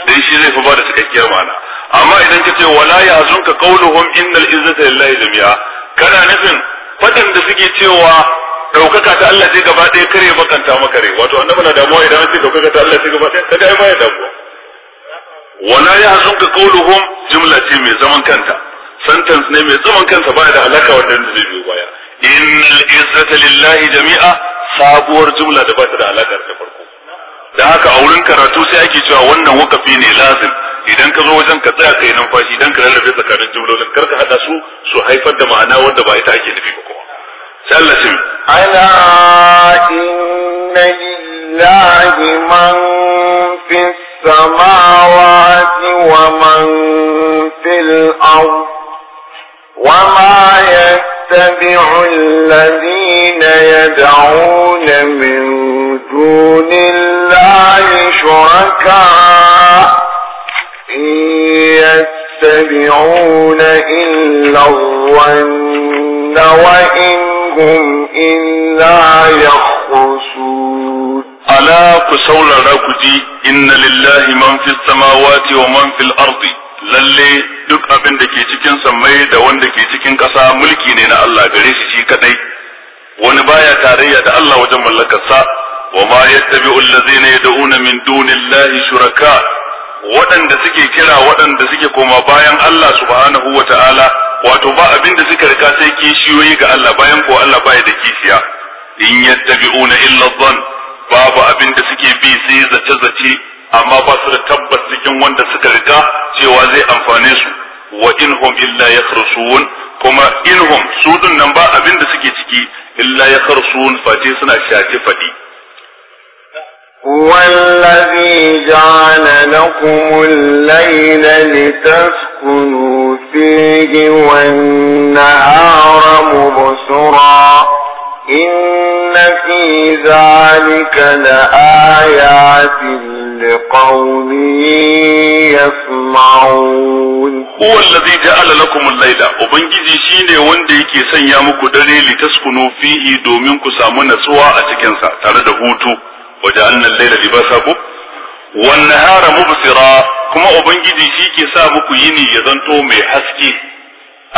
Speaker 2: dan shi zai fi ba da cikakkiyar ma'ana amma idan ka ce wala yahzunka qawluhum innal izzata lillahi jami'a kana nufin faɗin da suke cewa ɗaukaka ta Allah ce gaba ɗaya kare makanta makare wato annabi na damuwa idan an ɗaukaka ta Allah ce gaba ɗaya kada ai baya damuwa wala ya hazunka qawluhum jumla ce mai zaman kanta sentence ne mai zaman kansa baya da alaka wanda zai biyo baya innal izzata lillahi jami'a sabuwar jumla da ba ta da alaka da farko da haka a wurin karatu sai ake cewa wannan wakafi ne lazim idan ka zo wajen ka tsaya kai numfashi idan ka rarrabe tsakanin jumlolin kar ka hada su su haifar da ma'ana wanda ba
Speaker 1: ita ake nufi ba kuma sai Allah ce ala inna lillahi man fis samawati wa man fil ard wa ma yattabi'u alladhina yad'una min dunillah شركاء يتبعون إلا الظن وإن هم إلا يخرسون ألا كسول ركدي
Speaker 2: إن لله من في السماوات ومن في الأرض lalle duk abin da ke cikin sammai da wanda ke cikin ƙasa mulki ne na Allah gare shi shi kadai wani baya tarayya da Allah wajen mallakarsa وما يتبع الذين يدعون من دون الله شركاء waɗanda suke kira waɗanda suke koma bayan Allah subhanahu wa ta'ala wato ba abin da suka rika sai kishiyoyi ga Allah bayan ko Allah baya da kishiya in yattabi'una illa zan babu abin da suke bi sai zace zace amma ba su da tabbas cikin wanda suka rika cewa zai amfane su wa inhum illa yakhrusun kuma inhum su nan ba abin da suke ciki illa yakhrusun fati suna shafe fadi
Speaker 1: هو الذي جعل لكم الليل لتسكنوا فيه والنهار مبصرا إن في ذلك لآيات لقوم يسمعون هو الذي جعل لكم الليل وبنجي شيني wanda yake sanya
Speaker 2: muku dare litaskunu fihi domin ku samu وجعلنا الليل لباسا كو والنهار مبصرا كما ubangiji shi ke sa muku yini ya zanto mai haske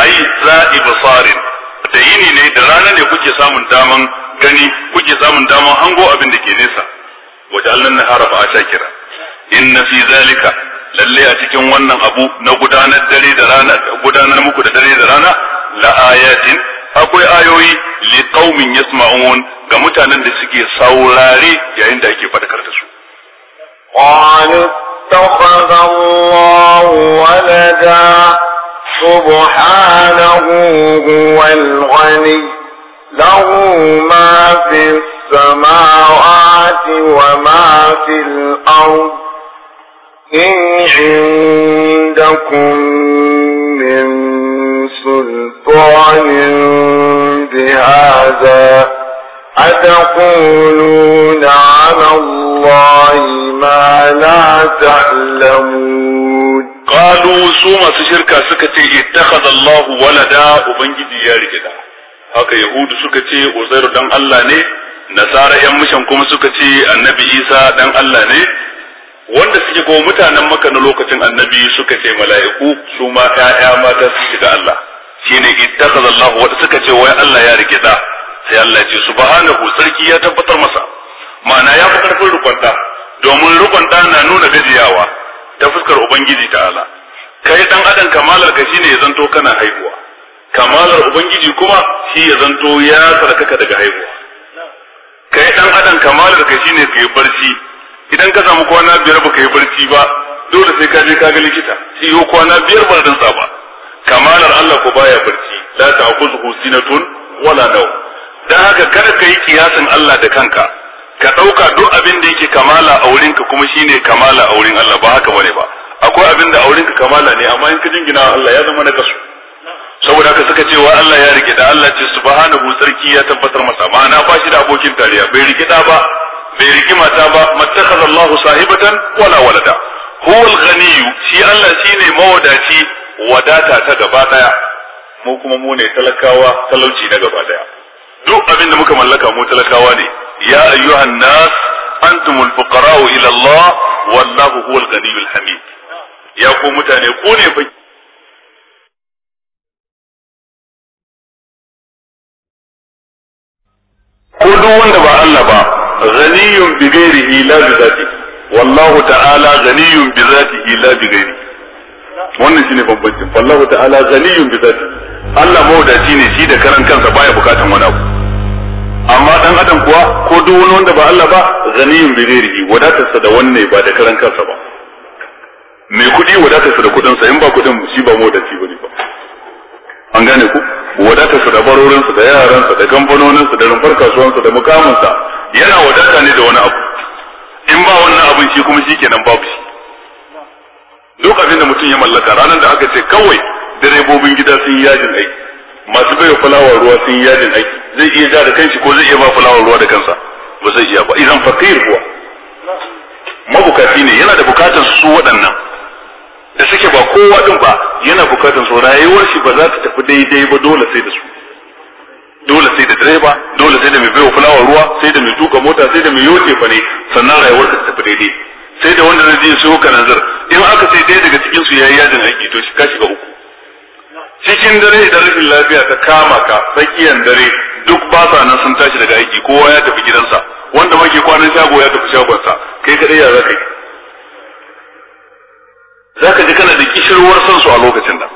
Speaker 2: ai za ibsarin da yini ne da rana ne kuke samun daman gani kuke samun daman hango abin da ke nesa na wajallan nahara fa In na fi zalika lalle a cikin wannan abu na gudanar dare da rana gudanar muku da dare da rana la ayatin akwai ayoyi li qaumin yasma'un ga mutanen da suke saurare yayin da ake fadakar da su
Speaker 1: qalu takhadha Allahu walada subhanahu wal ghani lahu ma fis samawati wa ma fil ard in min سلطان بهذا أتقولون على الله ما لا تعلمون
Speaker 2: قالوا سوما سشركا سكتي اتخذ الله ولدا وبنجد ياري كده هكا يهود سكتي وزير دم الله ني نصارى يم شنكم سكتي النبي إيسا دم الله ني wanda suke ko mutanen maka na lokacin annabi suka ce mala'iku su ma ta'ya mata su shiga Allah shine ittakhadha Allah wanda suka ce wai Allah ya rike da sai Allah ya ce subhanahu sarki ya tabbatar masa ma'ana ya fi karfin rukunta domin rukunta na nuna gajiyawa ta fuskar ubangiji ta'ala kai dan adam kamalar ka shine ya zanto kana haihuwa kamalar ubangiji kuma shi ya zanto ya sarkaka daga haihuwa kai dan adam kamalar ka shine ka yi barci idan ka samu kwana biyar baka yi barci ba dole sai ka je ka ga likita shi yo kwana biyar ba dan ba kamalar Allah ko baya barci la ta'khudhu sinatun wala naw dan haka kada ka yi kiyasin Allah da kanka ka dauka duk abin da yake kamala a wurinka kuma shine kamala a wurin Allah ba haka bane ba akwai abin da a wurinka kamala ne amma in ka jingina Allah ya zama na kasu saboda haka suka ce wa Allah ya rike da Allah ce subhanahu sarki ya tabbatar masa ma'ana ba shi da abokin tarayya bai rikida ba bai mata ba mattakhadha Allah sahibatan wala walada huwa al-ghaniy shi Allah shine mawadaci wadata ta gaba daya mu kuma mu ne talakawa talauci na gaba daya duk abin da muka mallaka mu talakawa ne ya ayyuhan nas
Speaker 1: antumul fuqara'u ila Allah wallahu huwal ghaniyyul hamid ya ku mutane ku ne fa ko duk wanda ba Allah ba ghaniyun bi ghairihi la bi
Speaker 2: wallahu ta'ala ghaniyun bi zatihi la bi ghairihi wannan shine bambancin wallahu ta'ala ghaniyun bi zati Allah mawdaci ne shi da karan kansa baya bukatan wani abu amma dan adam kuwa ko duk wani wanda ba Allah ba ghaniyun bi ghairihi wadatarsa da wanne ba da karan kansa ba mai kuɗi wadatarsa da kuɗinsa in ba kuɗin shi ba mawdaci bane ba an gane ku wadatarsa da barorinsa da yaransa da kamfanoninsa da rumfar kasuwansa da mukaminsa yana wadata ne da wani abu in ba wannan abin shi kuma shi kenan babu shi duk abin da mutum ya mallaka ranar da aka ce kawai direbobin gida sun yajin aiki masu baiwa fulawa ruwa sun yajin aiki zai iya ja da kanshi ko zai iya ba fulawa ruwa da kansa ba zai iya ba idan fakir kuwa mabukati ne yana da bukatar su waɗannan da suke ba kowa din ba yana bukatar su rayuwar shi ba za ta tafi daidai ba dole sai da su dole sai da direba dole sai da mai baiwa fulawa ruwa sai da mai tuka mota sai da mai yote fa ne sannan rayuwar ta tafi daidai sai da wanda zai je siyo kananzir in aka sai ɗaya daga cikin su yayi yajin aiki to shi ka shiga uku cikin dare idan rashin lafiya ta kama ka tsakiyan dare duk ba sa nan sun tashi daga aiki kowa ya tafi gidansa wanda ma ke kwanan shago ya tafi shagonsa kai kadai ya zaka yi zaka ji kana da kishirwar san su a lokacin da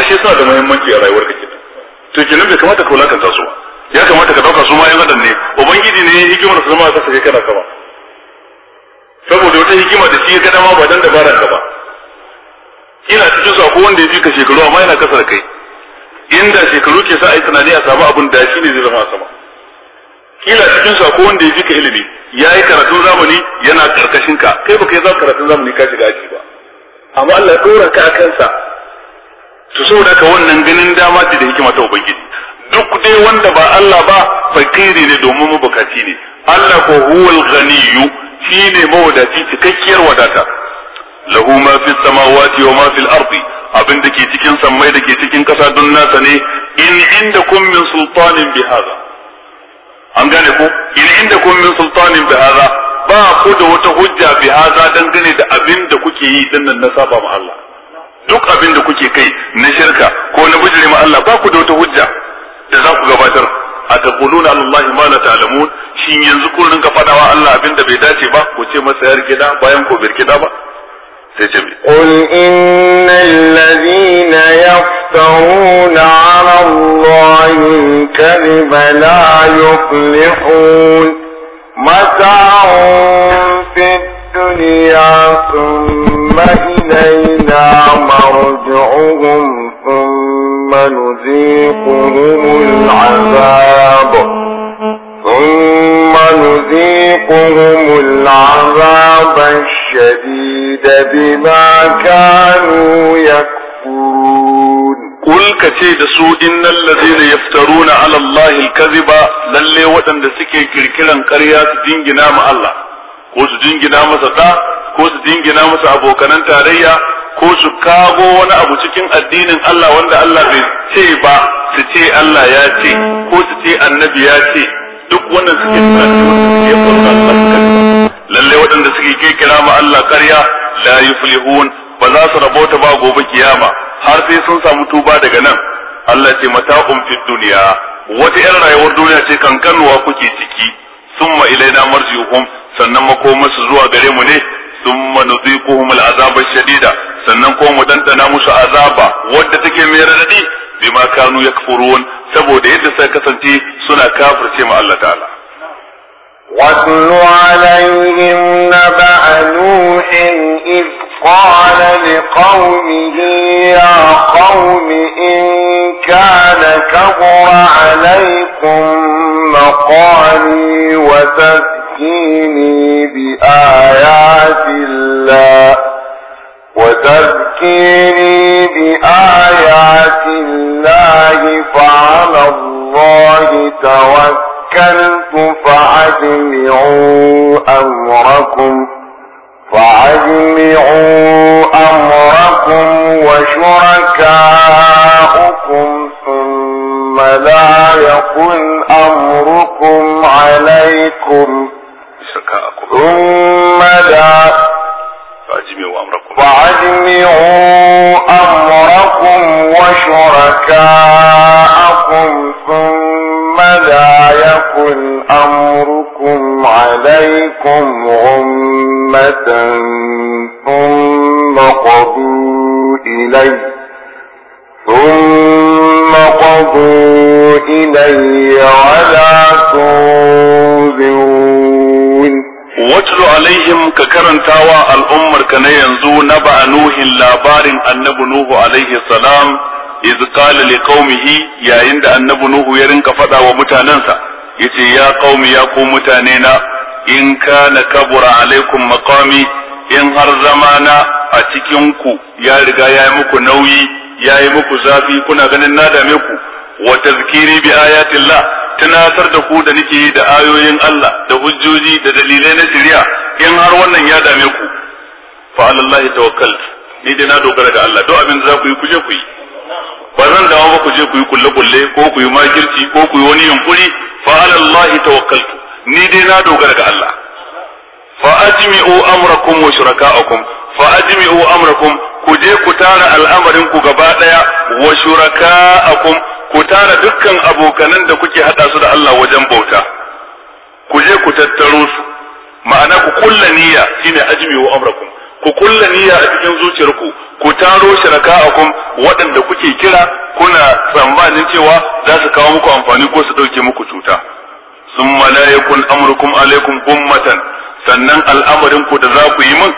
Speaker 2: ashe suna da muhimmanci a rayuwar ka kenan to kenan bai kamata ka wulakanta su ba ya kamata ka dauka su ma yan adam ne ubangiji ne ya hikimar su a ka sai kana kama saboda wata hikima da shi ya gada ma ba dan dabaran ka ba ina cikin sako wanda ya fi ka shekaru amma yana kasar da kai inda shekaru ke sa a yi tunani a samu abin da shi ne zai zama sama kila cikin sako wanda ya fi ka ilimi ya yi karatun zamani yana karkashin ka kai baka yi za karatun zamani ka shiga aji ba amma Allah ya dora ka a kansa to saboda ka wannan ganin dama ce da hikima ta ubangiji duk dai wanda ba Allah ba fakiri ne domin mabukaci ne Allah ko huwal ghaniyu shi ne mawadaci cikakkiyar wadata lahu ma fi samawati wa ma fil ardi abin da ke cikin sammai da ke cikin kasa don nasa ne in inda kun min sultanin an gane in inda kun min sultanin ba ku da wata hujja dangane da abin da kuke yi Allah duk abin da kuke kai na shirka ko na bijire ma Allah ba ku da wata hujja da za ku gabatar a taquluna ala ma la ta'lamun shin yanzu ko rinka fada wa Allah abin da bai dace ba ko ce masa yar gida bayan ko bir gida ba sai ce mi
Speaker 1: qul innal ladina yaftaruna ala allahi kadhiba la yuflihun mata'un fid dunya thumma ilayna marji'uhum thumma nuziquhum al'azab ثم نذيقهم العذاب الشديد بما كانوا يكفرون قل كتيد سوء إن الذين يفترون
Speaker 2: على الله الكذب للي ودن دسكي كركلا قريات دينجنا مع الله ko su jingina masa da ko su jingina masa abokanan tarayya ko su kago wani abu cikin addinin Allah wanda Allah bai ce ba su ce Allah ya ce ko su ce annabi ya ce duk wannan suke suna cewa ya kunna lalle waɗanda suke kekira ma Allah ƙarya la yuflihun ba za su rabota ba gobe kiyama har sai sun samu tuba daga nan Allah ce mata'un fid duniya wata 'yan rayuwar duniya ce kankanuwa kuke ciki summa ilaina marji'uhum sannan su zuwa gare mu ne summa nuziquhum al'azaba shadida sannan ko mu dandana musu azaba wadda take mai radadi bima kanu yakfurun saboda yadda suka kasance suna ce ma Allah ta'ala
Speaker 1: واتل عليهم نبأ نوح إذ قال لقومه يا قوم إن كان كبر عليكم مقالي وتذكيني بآيات الله وتذكيني بآيات الله فعلى الله الله توكلت فأجمعوا أمركم فأجمعوا أمركم وشركاؤكم ثم لا يكن أمركم عليكم ثم لا فأجمعوا أمركم فأجمعوا أمركم وشركاؤكم لكم ثم لا يكن أمركم عليكم غمة ثم قضوا إلي ثم قضوا إلي ولا تنظرون
Speaker 2: واتل عليهم تاوى الأمر كنين زو نبع نوح لابار أن نوح عليه السلام iz qala liqaumihi yayin da annabi nuhu ya rinka fada wa mutanansa yace ya qaumi ya ku mutane na in kana kabura alaikum maqami in har zamana a cikin ku ya riga ya yi muku nauyi ya yi muku zafi kuna ganin na dame ku wa tazkiri bi ayatillah tunatar da ku da nake da ayoyin Allah da hujjoji da dalilai na shari'a in har wannan ya dame ku fa alallahi tawakkal ni dai na dogara ga Allah duk abin da za ku yi ku je ku yi ba zan dawo ba ku je ku yi kulle kulle ko ku yi makirci ko ku yi wani yunkuri fa ala Allah tawakkaltu ni dai na dogara ga Allah fa ajmi'u amrakum wa shuraka'akum fa ajmi'u amrakum ku je ku tara al'amarin ku gaba daya wa shuraka'akum ku tara dukkan abokanan da kuke hada su da Allah wajen bauta ku je ku tattaro su ma'ana ku kulla niyya shine ajmi'u amrakum ku kulla niyya a cikin zuciyarku ku taro shiraka'akum waɗanda kuke kira kuna tsammanin cewa za su kawo muku amfani ko su ɗauke muku cuta sun malayakun amurkun alaikun gummatan sannan al'amarin ku da za ku yi min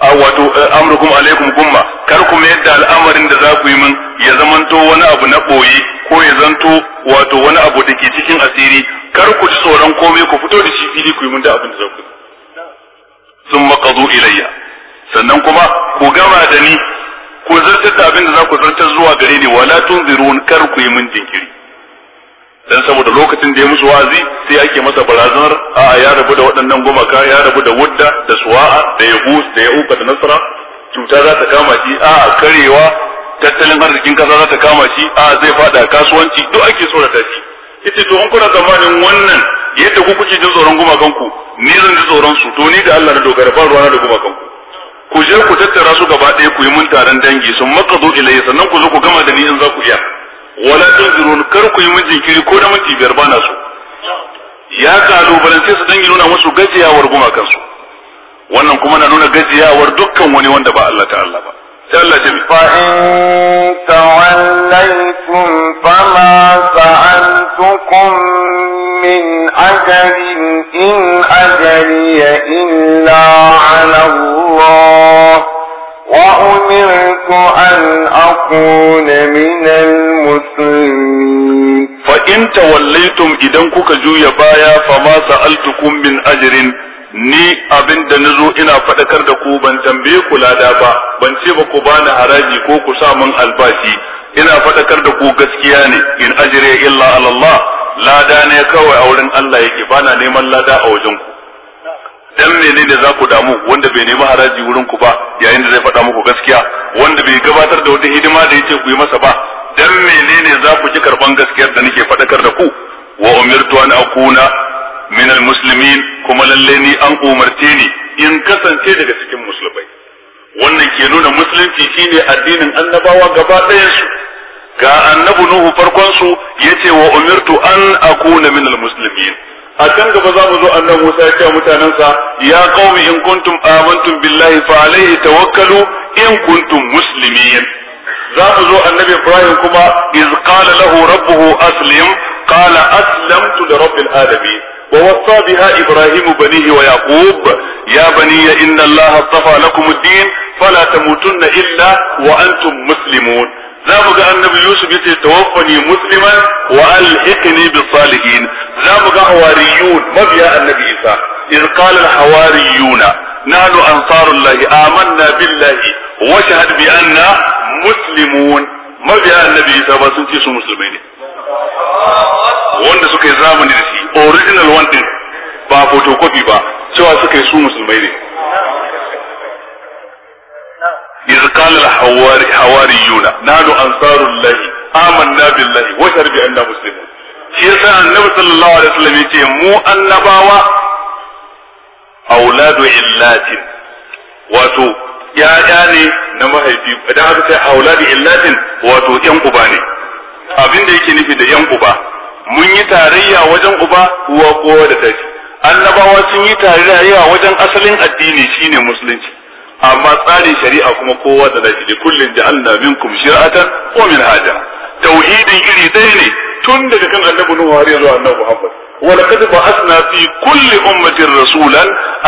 Speaker 2: a wato eh, amurkun alaikun gumma kar ku mayar da al'amarin da za ku yi min ya zamanto wani abu na ɓoye ko ya zanto wato wani abu da ke cikin asiri kar ku ji tsoron komai ku fito da shi fili ku yi min da abin da za ku yi sun maƙazu ilayya sannan kuma ku gama da ni ku zartar da abin da za ku zartar zuwa gare ni wala tun tunzirun kar ku yi min jinkiri dan saboda lokacin da ya musu wazi sai ake masa barazanar a ya rabu da waɗannan gumaka ya rabu da wudda da suwa'a da yabus da yauka da nasara cuta za ta kama shi a karewa tattalin arzikin kasa za ta kama shi a zai fada kasuwanci duk ake tsorata ci Ita to in kuna zamanin wannan yadda ku kuke jin tsoron gumakan ku ni zan ji tsoron su to ni da Allah na dogara ba ruwana da gumakan ku ku je ku tattara su gaba ɗaya ku yi mun taron dangi sun makazo ilayya sannan ku zo ku gama da ni in za ku iya wala tunzirun kar ku yi mun jinkiri ko da minti biyar bana su. ya kalubalance su dangi nuna musu gajiyawar su. wannan kuma na nuna gajiyawar dukkan wani wanda ba Allah ta'ala ba sai Allah ce fa in tawallaytum fama
Speaker 1: sa'an أسألتكم من أجل إن أجلي إلا على الله وأمرت أن أكون من المسلمين
Speaker 2: فإن توليتم إذا كوكا جويا بايا فما سألتكم من أجر ni abin da na zo ina faɗakar da ku ban tambaye ku lada ba ban ce ba ku bani haraji ko ku sa min albashi ina faɗakar da ku gaskiya ne in ajire illa ala Allah lada ne kawai a wurin Allah yake na neman lada a wajen ku dan menene za ku damu wanda bai nemi haraji wurin ku ba yayin da zai faɗa muku gaskiya wanda bai gabatar da wata hidima da yace ku yi masa ba dan menene za ku ji karban gaskiyar da nake faɗakar da ku wa umirtu an akuna min almuslimin kuma lalle ni an umarce ni in kasance daga cikin musulmai wannan ke nuna musulunci shine addinin annabawa gaba ɗayan su ga annabi nuhu farkon su yace wa umirtu an akuna min almuslimin a can gaba za mu zo annabi Musa ya ce mutanensa ya qaumi in kuntum amantum billahi fa alayhi tawakkalu in kuntum muslimin za mu zo annabi Ibrahim kuma iz qala lahu rabbuhu aslim qala aslamtu li rabbil alamin ووصى بها إبراهيم بنيه ويعقوب يا بني إن الله اصطفى لكم الدين فلا تموتن إلا وأنتم مسلمون za mu ga annabi yusuf yace tawaffani musliman wa alhiqni bis salihin za mu ga hawariyun mabiya annabi isa iz qala al hawariyuna nahnu ansarullahi amanna billahi wa shahad bi anna muslimun mabiya annabi isa ba sun ce su musulmai ne wanda suka yi zamani da shi original one din ba photocopy ba cewa suka yi su musulmai ne إذ قال الحواري نحن أنصار الله آمنا بالله واشهد بأننا مسلمون shi yasa annabi sallallahu alaihi wasallam yace mu annabawa auladu illatin wato ya'ya ne na mahaifi idan aka ce auladu illatin wato ne abin da yake nufi da yan uba mun yi tarayya wajen uba uwa kowa da tashi annabawa sun yi tarayya wajen asalin addini shine musulunci amma tsarin shari'a kuma kowa da nashi ne kullun ja'alna minkum shir'atan wa minhaja tauhidin iri ɗaya ne tun daga kan annabi nuhu har zuwa annabi muhammad ولقد بعثنا في كل أمة رسولا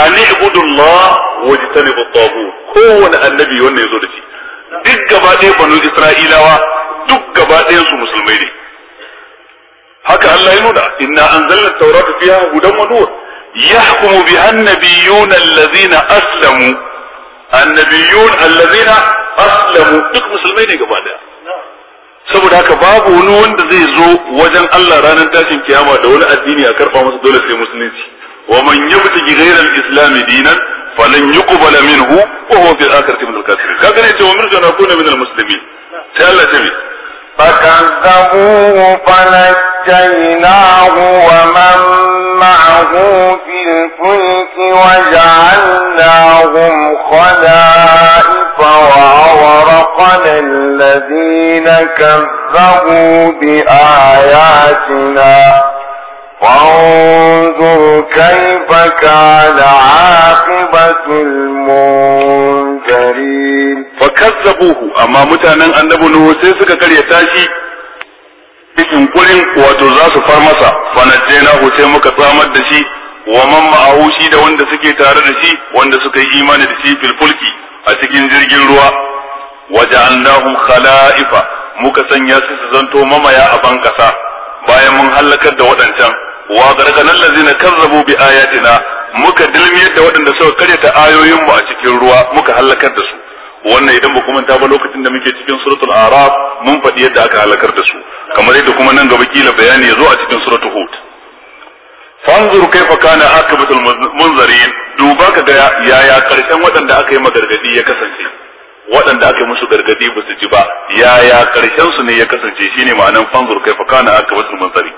Speaker 2: أن اعبدوا الله واجتنبوا الطاغوت هو النبي وأن يزول فيه duk gaba ɗaya banu Isra'ilawa duk gaba musulmai ne haka Allah ya nuna inna anzalna at-taurata fiha hudan wa nur annabiyun allazina aslamu duk musulmai ne gaba daya saboda haka babu wani wanda zai zo wajen Allah ranar tashin kiyama da wani addini a karba masa dole sai musulunci wa man yabtaghi ghayra al-islam dinan falan yuqbala minhu wa huwa fil akhirati min al-kafirin kaga ne ce wa na kuna min al-muslimin sai Allah ta bi
Speaker 1: فكذبوه فنجيناه ومن معه في الفلك وجعلناهم خلائف وأورقنا الذين كذبوا بآياتنا فانظر كيف كان عاقبة المنكرين kazzabuhu amma mutanen annabi nuhu sai suka karyata shi cikin
Speaker 2: kurin wato za su far masa fanajjaynahu sai muka samar da shi wa man ma'ahu shi da wanda suke tare da shi wanda suka yi imani da shi fil fulki a cikin jirgin ruwa waja'alnahum khala'ifa muka sanya su su zanto mamaya a ban kasa bayan mun halakar da waɗancan wa garganan lazina kazzabu bi ayatina muka dilmiyar da waɗanda suka karyata ayoyinmu a cikin ruwa muka halakar da su wannan idan ba kuma ba lokacin da muke cikin suratul araf mun faɗi yadda aka halakar da su kamar yadda kuma nan gaba kila bayani ya zo a cikin suratul hud fanzur kaifa kana akibatul munzarin duba ka ga yaya karshen waɗanda aka yi magargadi ya kasance waɗanda aka yi musu gargadi ba su ji ba yaya karshen su ne ya kasance shine ma'anan fanzur kaifa kana akibatul munzarin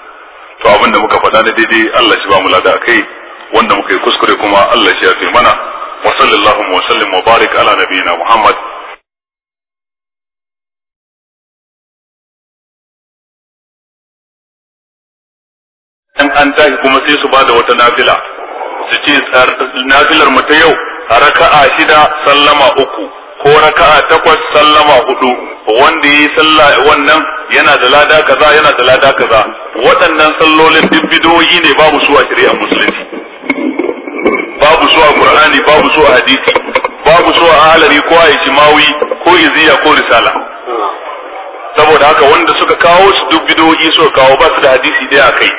Speaker 2: to abin da muka faɗa na daidai Allah shi ba mu lada kai wanda muka yi kuskure
Speaker 1: kuma Allah shi ya fi mana wa الله وسلم وبارك على نبينا محمد muhammad in an tashi kuma sai su bada wata nafila su ce
Speaker 2: nafilar mu ta yau raka'a shida sallama uku ko raka'a takwas sallama hudu wanda yi sallah wannan yana da lada kaza yana da lada kaza waɗannan sallolin duk ne babu su a shari'ar musulunci babu so a qur'ani babu so a hadisi babu so a alari ko a ijmawi ko iziya ko risala saboda haka wanda suka kawo su duk bidoyi suka kawo ba su da hadisi daya akai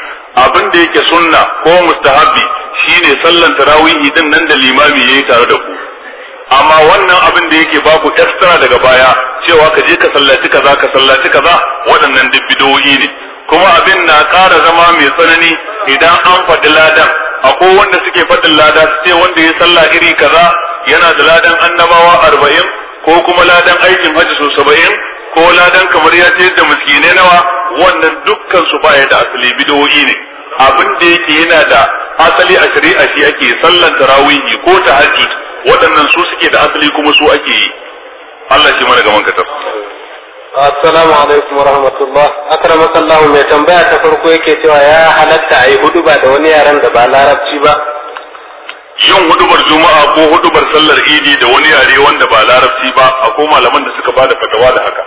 Speaker 2: abin da yake sunna ko mustahabi shine sallan tarawih din nan da limami yayi tare da ku amma wannan abin da yake babu extra daga baya cewa ka je ka sallaci kaza ka sallaci kaza waɗannan duk bidoyi ne kuma abin na ƙara zama mai tsanani idan an faɗi ladan akwai wanda suke faɗin lada su ce wanda ya sallah iri kaza yana da ladan annabawa arba'in ko kuma ladan aikin hajji su saba'in ko ladan kamar ya ce da miskinai nawa wannan dukkan su baya da asali bidowi ne abin da yake yana da asali a shari'a shi ake sallan tarawihi ko ta haji waɗannan su suke da asali kuma su ake yi Allah shi mana gaman katar
Speaker 3: Assalamu alaikum wa rahmatullah. akrama sallahu mai tambaya ta farko yake cewa ya halatta a yi huduba da wani yaren da ba larabci ba. Yin hudubar juma'a ko hudubar sallar idi da wani yare wanda ba larabci ba a ko malaman
Speaker 2: da suka bada fatawa da haka.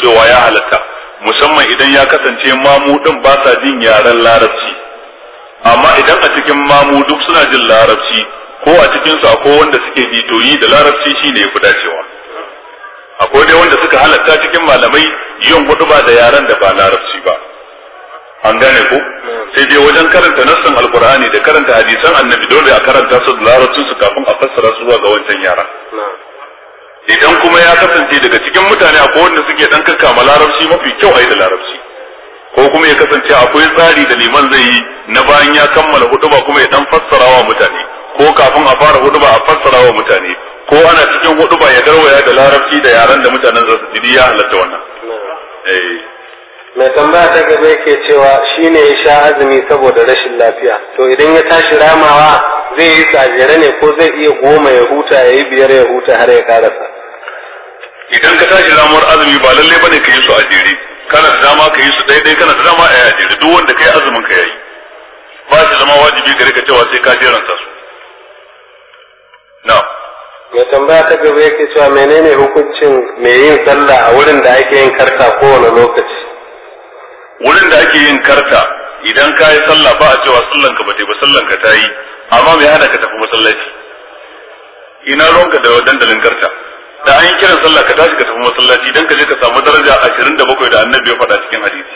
Speaker 2: Cewa ya halatta musamman idan ya kasance mamu din ba sa jin yaren larabci. Amma idan a cikin mamu duk suna jin larabci ko a cikinsu akwai wanda suke bitoyi da larabci shine ya fi dacewa. akwai dai wanda suka halatta cikin malamai yin hudu ba da yaran da ba larabci ba an gane ko sai dai wajen karanta nassin alkur'ani da karanta hadisan annabi dole a karanta su da larabcin su kafin a fassara su ga wancan yara idan kuma ya kasance daga cikin mutane akwai wanda suke dan kakkama larabci mafi kyau a yi da larabci ko kuma ya kasance akwai tsari da liman zai yi na bayan ya kammala hudu ba kuma ya dan fassara wa mutane ko kafin a fara hudu ba a fassara wa mutane ko ana cikin hudu ba ya garwaya da larabci da yaran da mutanen za su ji ya halatta wannan eh.
Speaker 3: mai tambaya ta gaba yake cewa shi ne ya sha azumi saboda rashin lafiya to idan ya tashi ramawa zai yi tsajere ne ko zai iya goma ya huta ya yi biyar ya huta har ya karasa
Speaker 2: idan ka tashi ramuwar azumi ba lalle bane ka yi su a jere kana da dama ka yi su daidai kana da dama a yi a jere duk wanda ka yi azumin ka yi. ba shi zama wajibi gare ka cewa sai ka jeranta su
Speaker 3: na'am mai tambaya ta gaba yake cewa menene hukuncin mai yin sallah a wurin da ake yin karta kowane lokaci wurin da ake yin karta idan ka yi sallah ba a cewa sallan ka ba ta ba sallan ka ta yi amma
Speaker 2: mai hana ka tafi masallaci ina ka da dandalin karta da an yi kiran sallah ka tashi ka tafi masallaci idan ka je ka samu daraja ashirin da bakwai da annabi ya faɗa cikin hadisi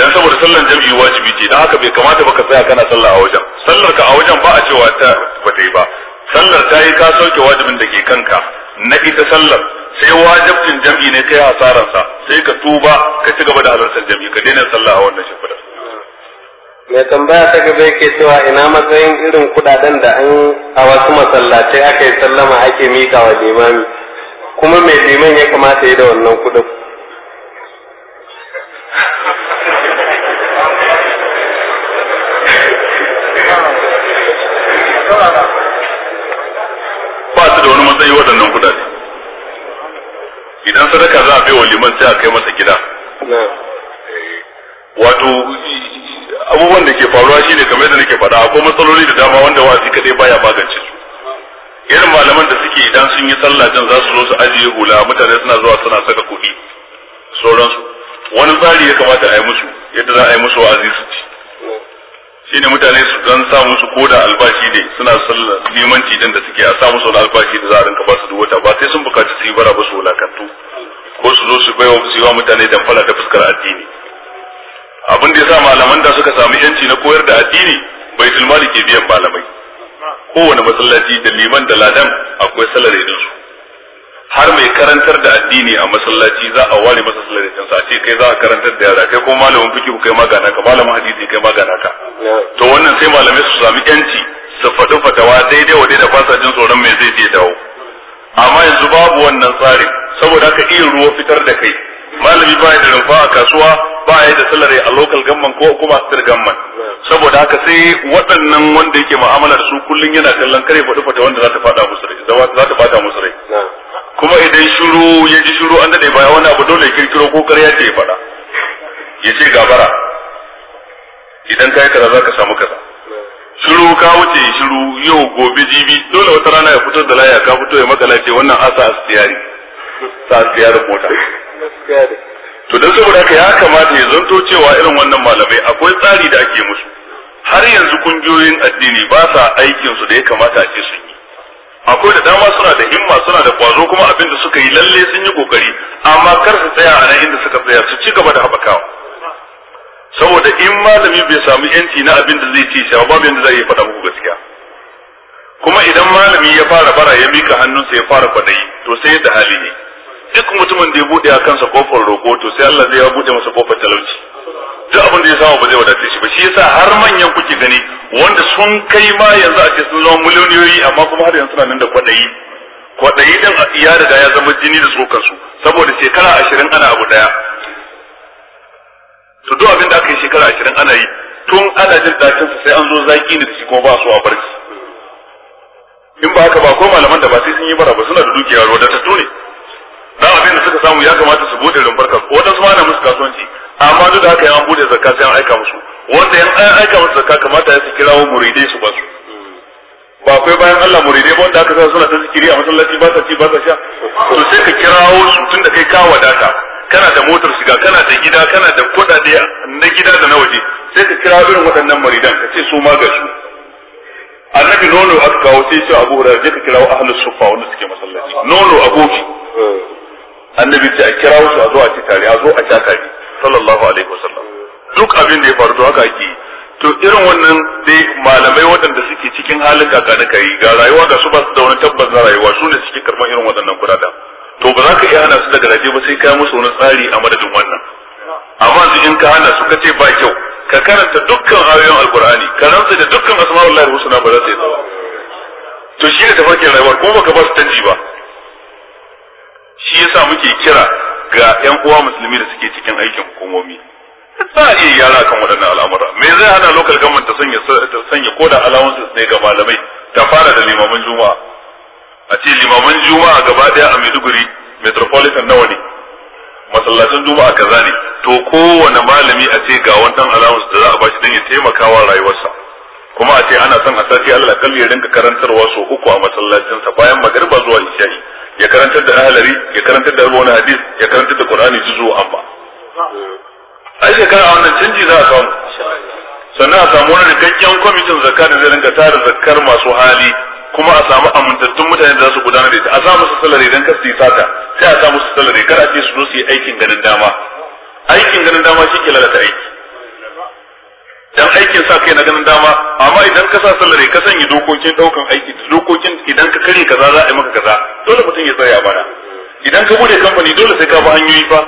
Speaker 2: dan saboda sallan jam'i wajibi ce dan haka bai kamata ba ka tsaya kana sallah a wajen sallar ka a wajen ba a cewa ta ba ta yi ba sallar ta yi ka sauke wajibin da ke kanka na ita sallar sai wajibcin jam'i ne kai hasararsa sai ka tuba ka ci gaba da halartar jam'i ka daina sallah a wannan shekarar.
Speaker 3: mai tambaya ta gaba yake cewa ina matsayin irin kudaden da an a wasu masallatai aka yi sallama ake mika wa limami kuma mai liman ya kamata ya da wannan kudin
Speaker 2: da wani matsayi waɗannan kudade idan sadaka za a bai wa liman sai a kai masa gida wato abubuwan da ke faruwa shine kamar da nake faɗa akwai matsaloli da dama wanda wasi kaɗai baya magance su irin malaman da suke idan sun yi sallah jan za su zo su ajiye hula mutane suna zuwa suna saka kuɗi sauransu wani tsari ya kamata a yi musu yadda za a yi musu wa'azi su shine mutane su dan sa musu koda albashi ne suna sallar limanci da suke a sa musu albashi da za a rinka ba su wata ba sai sun bukaci su yi bara ba su wulakantu ko su zo su baiwa su yi wa mutane da fara da fuskar addini abin da sa malaman da suka samu yanci na koyar da addini bai tilmali ke biyan malamai kowane masallaci da liman da ladan akwai sallar su. har mai karantar da addini a masallaci za a ware masa sallatin sa ce kai za a karantar da yara kai kuma malamin fiki kai magana ka malamin hadisi kai magana ka to wannan sai malamai su sami yanci su faɗi fatawa daidai wa da fasa tsoron mai zai je dawo amma yanzu babu wannan tsari saboda ka iya ruwa fitar da kai malami ba da rumfa a kasuwa ba ya da salari a local gamman ko kuma a gamman saboda haka sai waɗannan wanda yake mu'amala da su kullum yana kallon kare faɗi fata wanda za ta faɗa musu rai musu rai kuma idan shiru ya ji shiru an daɗe baya wani abu dole kirkiro ko ƙarya ce ya faɗa ya ce gabara idan ka yi kaza za ka samu kaza shiru ka wuce shiru yau gobe jibi dole wata rana ya fito da laya ka fito ya makala ce wannan asa astiyari sa astiyari mota to dan saboda ka ya kamata ya zanto cewa irin wannan malamai akwai tsari da ake musu har yanzu kungiyoyin addini ba sa aikin su da ya kamata a ce sun yi akwai da dama suna da himma suna da kwazo kuma abin da suka yi lalle sun yi kokari amma kar su tsaya a nan inda suka tsaya su ci gaba da habakawa saboda in malami bai samu yanci na abin da zai ci shi ba babu yanda zai faɗa muku gaskiya kuma idan malami ya fara bara ya mika hannunsa ya fara kwadayi to sai yadda hali ne duk mutumin da ya buɗe a kansa kofar roƙo to sai Allah zai ya buɗe masa kofar talauci duk abin da ya samu ba zai wadace shi ba shi yasa har manyan kuke gani wanda sun kai ma yanzu a ce sun zama miliyoniyoyi amma kuma har yanzu suna nan da kwaɗayi kwaɗayi din ya riga ya zama jini da tsokar su saboda shekara ashirin ana abu ɗaya to duk abin da aka yi shekara ashirin ana yi tun ana jin ɗakin sai an zo zaƙi ne da shi kuma ba su a barci in ba haka ba ko malaman da ba sai sun yi bara ba suna da dukiya tattu ne dan abin da suka samu ya kamata su bude rumfar kasuwa wadansu ma na musu kasuwanci amma duk da haka yan bude zakka sai an aika musu wanda yan an aika masa zakka kamata ya su kirawo muridai su ba ba akwai bayan Allah muridai ba wanda aka sa suna ta zikiri a masallaci ba sa ci ba sa sha to sai ka kirawo su tunda kai ka wadata kana da motar shiga kana da gida kana da kuɗaɗe na gida da na waje sai ka kira irin waɗannan muridan ka ce su ma ga su annabi nono aka kawo sai ce abu da je ka kira wa ahlus suffa wanda suke masallaci nono aboki annabi ce a kira su a zo a ci tare a zo a ci tare sallallahu alaihi wasallam duk abin da ya faru to haka ake to irin wannan dai malamai waɗanda suke cikin halin kakani kai ga rayuwa ga su ba su da wani tabbas na rayuwa su ne suke karɓar irin waɗannan kuɗaɗen to ba za ka iya hana su daga rage ba sai ka musu wani tsari a madadin wannan amma su in ka hana su ka ce ba kyau ka karanta dukkan ayoyin alkur'ani ka rantsa da dukkan asma'ullahi husna ba za su yi tsawa to shi ne tafarkin rayuwar ko baka ba su tanji ba shi yasa muke kira ga yan uwa musulmi da suke cikin aikin hukumomi za a iya yara kan waɗannan al'amura me zai hana local government ta sanya ta sanya koda allowances ne ga malamai ta fara da limaman juma'a a ce limaman juma'a gaba daya a Maiduguri metropolitan nawa ne masallacin juma'a kaza ne to kowane malami a ce ga wannan allowance da za a bashi don ya taimakawa rayuwarsa kuma a ce ana son a sati Allah kalli ya dinga karantarwa so uku a masallacinsa bayan magariba zuwa isha'i ya karantar da ahalari ya karantar da wani hadis ya karantar da qur'ani zuwa amma
Speaker 3: eh, ai a
Speaker 2: wannan canji za a samu sannan a samu wani rikakken kwamitin zakka da zai rinka tara zakkar masu hali kuma a samu amintattun mutane da za su gudanar da ita a samu su salari idan kasu yi sata sai a samu su salari kar a ce su zo su yi aikin ganin dama aikin ganin dama shi ke lalata aiki dan aikin sa kai na ganin dama amma idan ka sa salari ka sanya dokokin daukan aiki dokokin idan ka kare kaza za a yi maka kaza dole mutum ya tsaya bana idan ka bude kamfani dole sai ka bi hanyoyi fa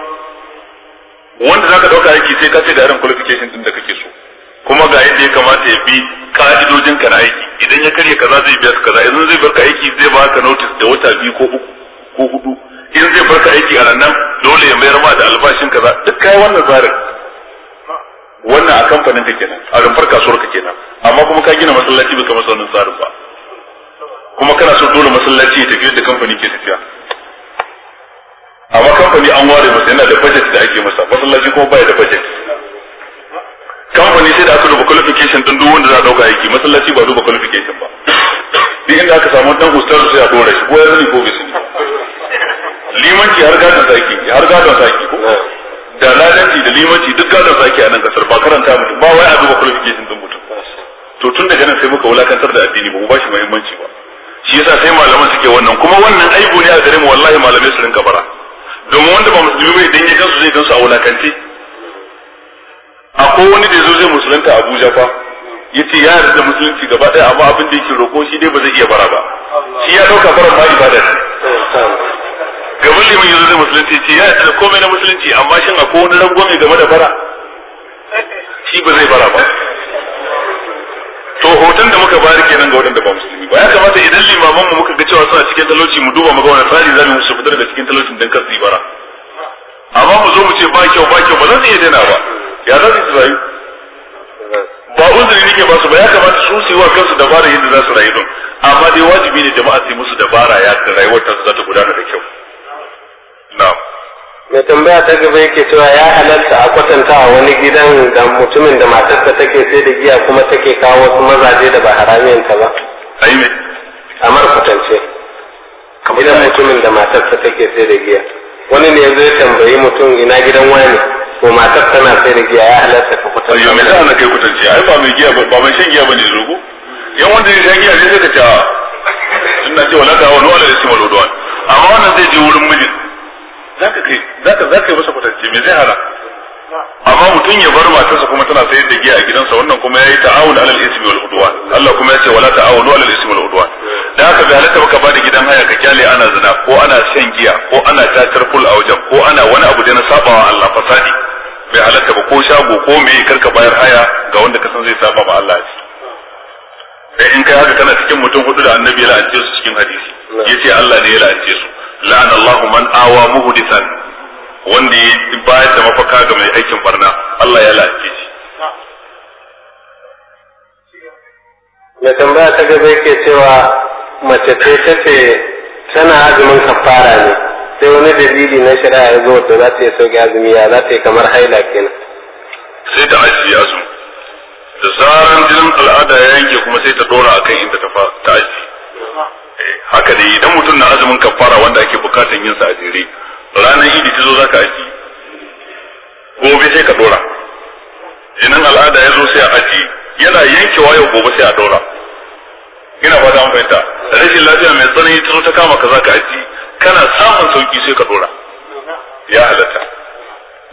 Speaker 2: wanda zaka dauka aiki sai ka ce da irin qualification din da kake so kuma ga yadda ya kamata ya bi ka'idojin ka na aiki idan ya karya kaza zai biya kaza idan zai barka aiki zai baka notice da wata biyu ko uku ko hudu idan zai barka aiki a nan dole ya mayar ma da albashin kaza duk kai wannan tsarin wannan a kamfanin ka kenan a rumfar kasuwar ka kenan amma kuma ka gina masallaci baka masa wannan tsarin ba kuma kana so dole masallaci ya tafi da kamfani ke tafiya amma kamfani an ware masa yana da budget da ake masa masallaci kuma baya da budget kamfani sai da aka duba qualification din duk wanda za a dauka aiki masallaci ba duba qualification ba duk inda aka samu dan ustaz sai a dora shi ko ya sani ko bisu limanci har gadon saki har gadon saki ko da lalanci da limanci duk gadon saki a nan kasar ba karanta mutum ba wai a duba qualification din mutum to tun daga nan sai muka wulakantar da addini ba mu ba shi muhimmanci ba shi yasa sai malaman suke wannan kuma wannan aibu ne a gare mu wallahi malamai su rinka bara domin wanda ba musulmi bai dan ya su zai gansu a wulakanci akwai wani da zo zai musulunta Abuja fa ce ya yarda musulunci gaba daya amma abin da yake roƙo shi dai ba zai iya bara ba shi ya ɗauka fara ma ibada ne gaban liman yanzu zai musulunci ce ya yarda da komai na musulunci amma shin akwai wani rangwame game da bara shi ba zai bara ba to hoton da muka bayar kenan ga waɗanda ba musulmi ba ya kamata idan limamanmu mu muka ga cewa suna cikin talauci mu duba mu wani tsari mu musu fitar da cikin talaucin don kasu bara amma mu zo mu ce ba kyau ba kyau ba zan iya daina ba ya za su rayu ba uzuri nike ba su ba ya kamata su su yi wa kansu dabara yadda za su rayu don amma dai wajibi ne jama'a su yi musu dabara ya rayuwar ta za ta gudana da kyau
Speaker 3: na'am mai tambaya ta gaba yake cewa ya halarta a kwatanta a wani gidan da mutumin da matarsa take sai da giya kuma take kawo wasu mazaje da ba haramiyanta ba a yi amar kwatance gidan mutumin da matarsa take sai da giya wani ne zai tambayi mutum ina gidan wani ko matar tana sai da giya ya halarta ka kwatanta ayo me za ana kai kwatance ai ba mai giya ba mai shan giya ba ne zugo yan wanda ya shan
Speaker 2: giya sai ka ta ah, ina ce wala ta wani wala ya shi maludwan amma wannan zai je wurin mijin zaka kai zaka zaka yi masa kwatance me zai hana amma mutum ya bar matarsa kuma tana sayar da giya a gidansa wannan kuma yayi ta'awun alal ismi wal udwan Allah kuma ya ce wala ta'awunu alal ismi wal udwan da haka bai halatta baka bada gidan haya ka kyale ana zina ko ana shan giya ko ana tatar ful a wajen ko ana wani abu da na sabawa Allah fasadi bai halatta ba ko shago ko me karka bayar haya ga wanda ka san zai saba ba Allah dai in kai haka kana cikin mutum hudu da annabi ya la'ance su cikin hadisi yace Allah ne ya la'ance su la'an Allah man awa muhdisan wanda ya bayar da mafaka ga mai aikin barna Allah ya
Speaker 3: shi da tambaya ta gaba yake cewa mace ce tace tana azumin kafara ne sai wani dalili na shari'a ya zo wato za ta yi sauki azumi ya za ta yi kamar haila kenan
Speaker 2: sai ta ajiye azumi da zaran jinin al'ada ya yanke kuma sai ta dora akan inda ta ajiye haka dai idan mutum na azumin kafara wanda ake bukatan yin sa a jere ranar idi ta zo za ka aji gobe sai ka dora jinin al'ada ya zo sai a aji yana yankewa yau gobe sai a dora ina fata an fahimta rashin lafiya mai tsanani ta zo ta kama ka za ka aji kana samun sauki sai ka dora ya halatta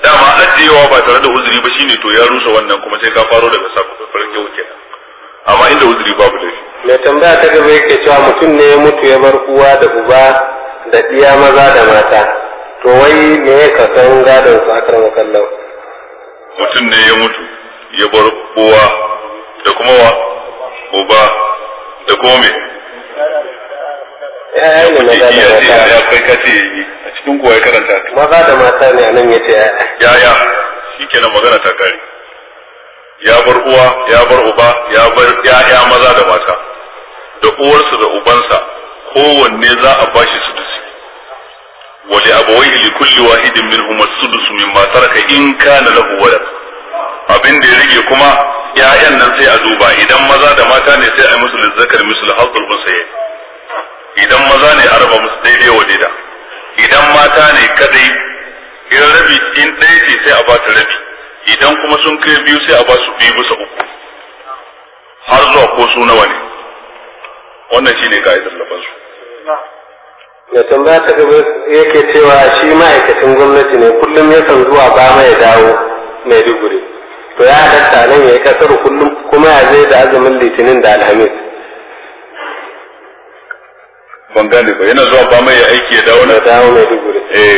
Speaker 2: dama ajiyewa ba tare da uzuri ba shine to ya rusa wannan kuma sai ka faro daga sabbin yau kenan amma inda uzuri babu laifi
Speaker 3: mai tambaya ta gaba yake cewa mutum ne ya mutu ya bar uwa da uba da iya maza da mata to wai me ya kasan gadon su akar makallau
Speaker 2: mutum ne ya mutu
Speaker 3: ya bar uwa da kuma wa
Speaker 2: uba da
Speaker 3: kuma me ya yi maza da mata ya kai kace a cikin kuwa ya karanta maza da mata ne a nan ya ce ya ya shi kenan magana ta kare ya bar uwa ya bar uba ya bar ya maza da mata
Speaker 2: da uwarsa da ubansa kowanne za a bashi sudusi wa li abawayhi li kulli wahidin minhum as-sudus mimma taraka in kana lahu walad abin da ya rage kuma ƴaƴan nan sai a duba idan maza da mata ne sai a yi musu lizzakar misal hazzul musaye idan maza ne a raba musu daidai wa daida idan mata ne kadai in rabi in ɗaya ce sai a ba ta rabi idan kuma sun kai biyu sai a ba su biyu bisa uku har zuwa ko su nawa ne wannan shine ka'idar da bansu
Speaker 3: ya tambaya ta gaba yake cewa shi ma'aikacin gwamnati ne kullum yakan zuwa ba mai dawo maiduguri to ya halatta nan ya yi kasar kullum kuma ya zai da azumin litinin da alhamis ban gane ba yana zuwa ba mai ya aiki ya dawo na dawo maiduguri eh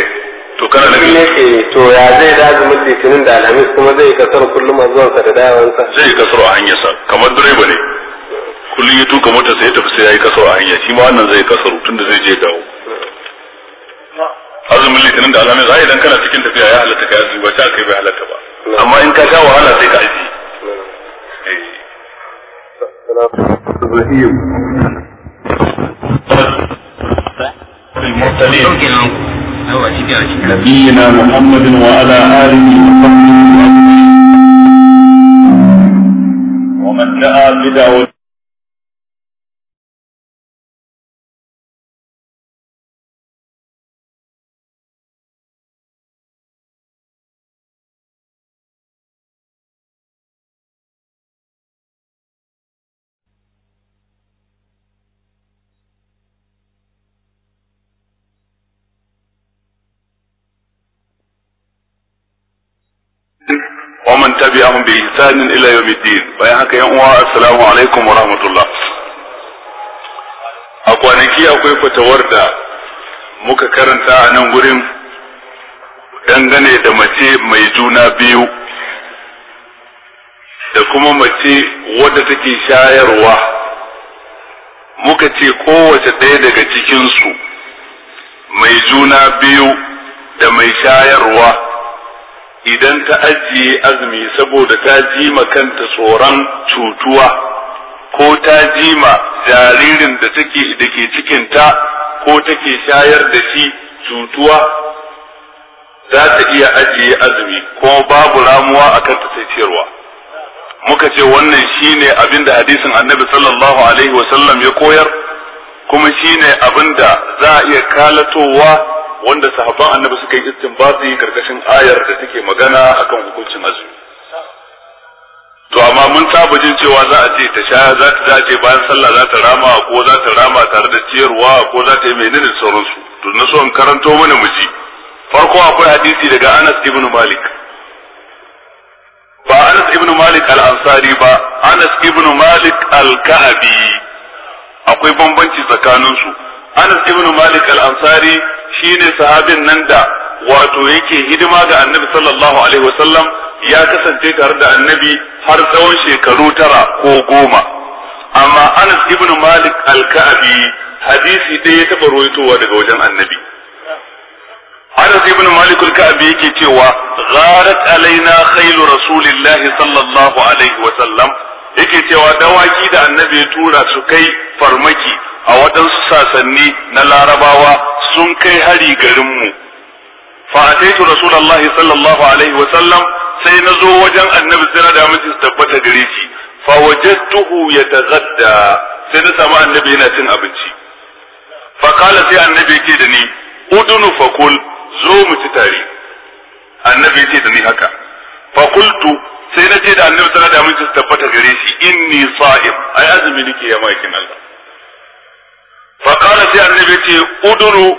Speaker 3: to kana da ne yake to ya zai da azumin litinin da alhamis kuma zai kasar kullum a zuwansa da dawansa zai kasar a hanyarsa kamar direba ne kullum ya tuka motar
Speaker 2: sai ya tafi sai ya yi kasar a hanya shi ma wannan zai kasar tunda zai je dawo azumin litinin da alhamis ai idan kana cikin tafiya ya halatta ka azumi ba ta kai bai halatta ba amma in ka sha wahala sai ka aji
Speaker 1: نبينا محمد وعلى آله وصحبه ومن دعا بدعوته
Speaker 2: وإياهم بإحسان إلى يوم الدين بيانك يا السلام عليكم ورحمة الله a kwanaki akwai fatawar da muka karanta a nan gurin dangane da mace mai juna biyu da kuma mace wadda take shayarwa muka ce kowace ɗaya daga cikinsu mai juna biyu da mai shayarwa idan ta ajiye azumi saboda ta jima kanta tsoron cutuwa ko ta jima jaririn da take da ke cikinta ko take shayar da shi cutuwa za ta iya ajiye azumi ko babu ramuwa a kanta sai ciyarwa muka ce wannan shine abin da hadisin annabi sallallahu alaihi wasallam ya koyar kuma shine abin da za a iya kalatowa wanda sahabban annabi suka yi istinbati karkashin ayar da take magana akan hukuncin azumi to amma mun saba jin cewa za a ce ta sha za ta ce bayan sallah za ta rama ko za ta rama tare da ciyarwa ko za ta yi menene sauransu to na so in karanto mana miji farko akwai hadisi daga Anas ibn Malik ba Anas ibn Malik al-Ansari ba Anas ibn Malik al-Ka'bi akwai bambanci tsakaninsu Anas ibn Malik al-Ansari shine sahabin nan da wato yake hidima ga annabi sallallahu alaihi wasallam ya kasance tare da annabi har tsawon shekaru tara ko goma amma Anas ibn Malik al-Ka'bi hadisi ɗaya ya taɓa ruwaitowa daga wajen annabi Anas ibn Malik al-Ka'bi yake cewa gharat alaina khailu rasulillah, sallallahu alaihi wa sallam yake cewa dawaki da annabi ya tura su kai farmaki a waɗansu sasanni na larabawa sun kai hari garinmu fa ataitu rasulullahi sallallahu alaihi wa sallam sai na zo wajen annabi sai na da miji tabbata gare shi fa wajadtuhu yataghadda sai na samu annabi yana cin abinci fa qala sai annabi yake da ni udunu fa kul zo mu ci tare annabi yake da ni haka fa qultu sai na ce da annabi sai na da miji tabbata gare shi inni sa'im ai azumi nake ya makin Allah فقال سي النبي تي ادرو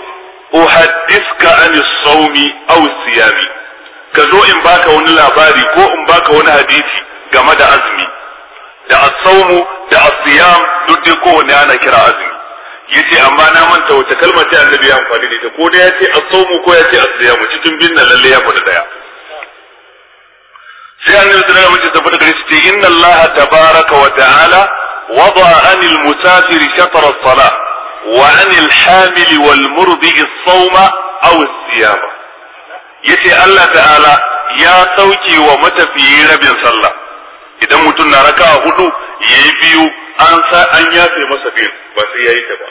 Speaker 2: احدثك عن الصوم او الصيام كزو ان باكا وني لاباري كو ان باكا وني حديثي game da azumi da as da asiyam duk dai kowanne ana kira azumi yace amma na manta wace kalmar ta annabi ya amfani da ita ko da yace as ko yace as-siyam cikin binna lalle ya faɗi daya sai annabi sallallahu alaihi wasallam ya tabbata gare shi ce inna allaha tabaraka wa ta'ala wada anil musafir shatr as-salah وعن الحامل والمرضع الصوم أو الصيام yace Allah ta'ala ya sauke wa matafiyi rabin sallah idan mutum na raka hudu yayi biyu an sa an yafe masa biyu ba sai yayi ta ba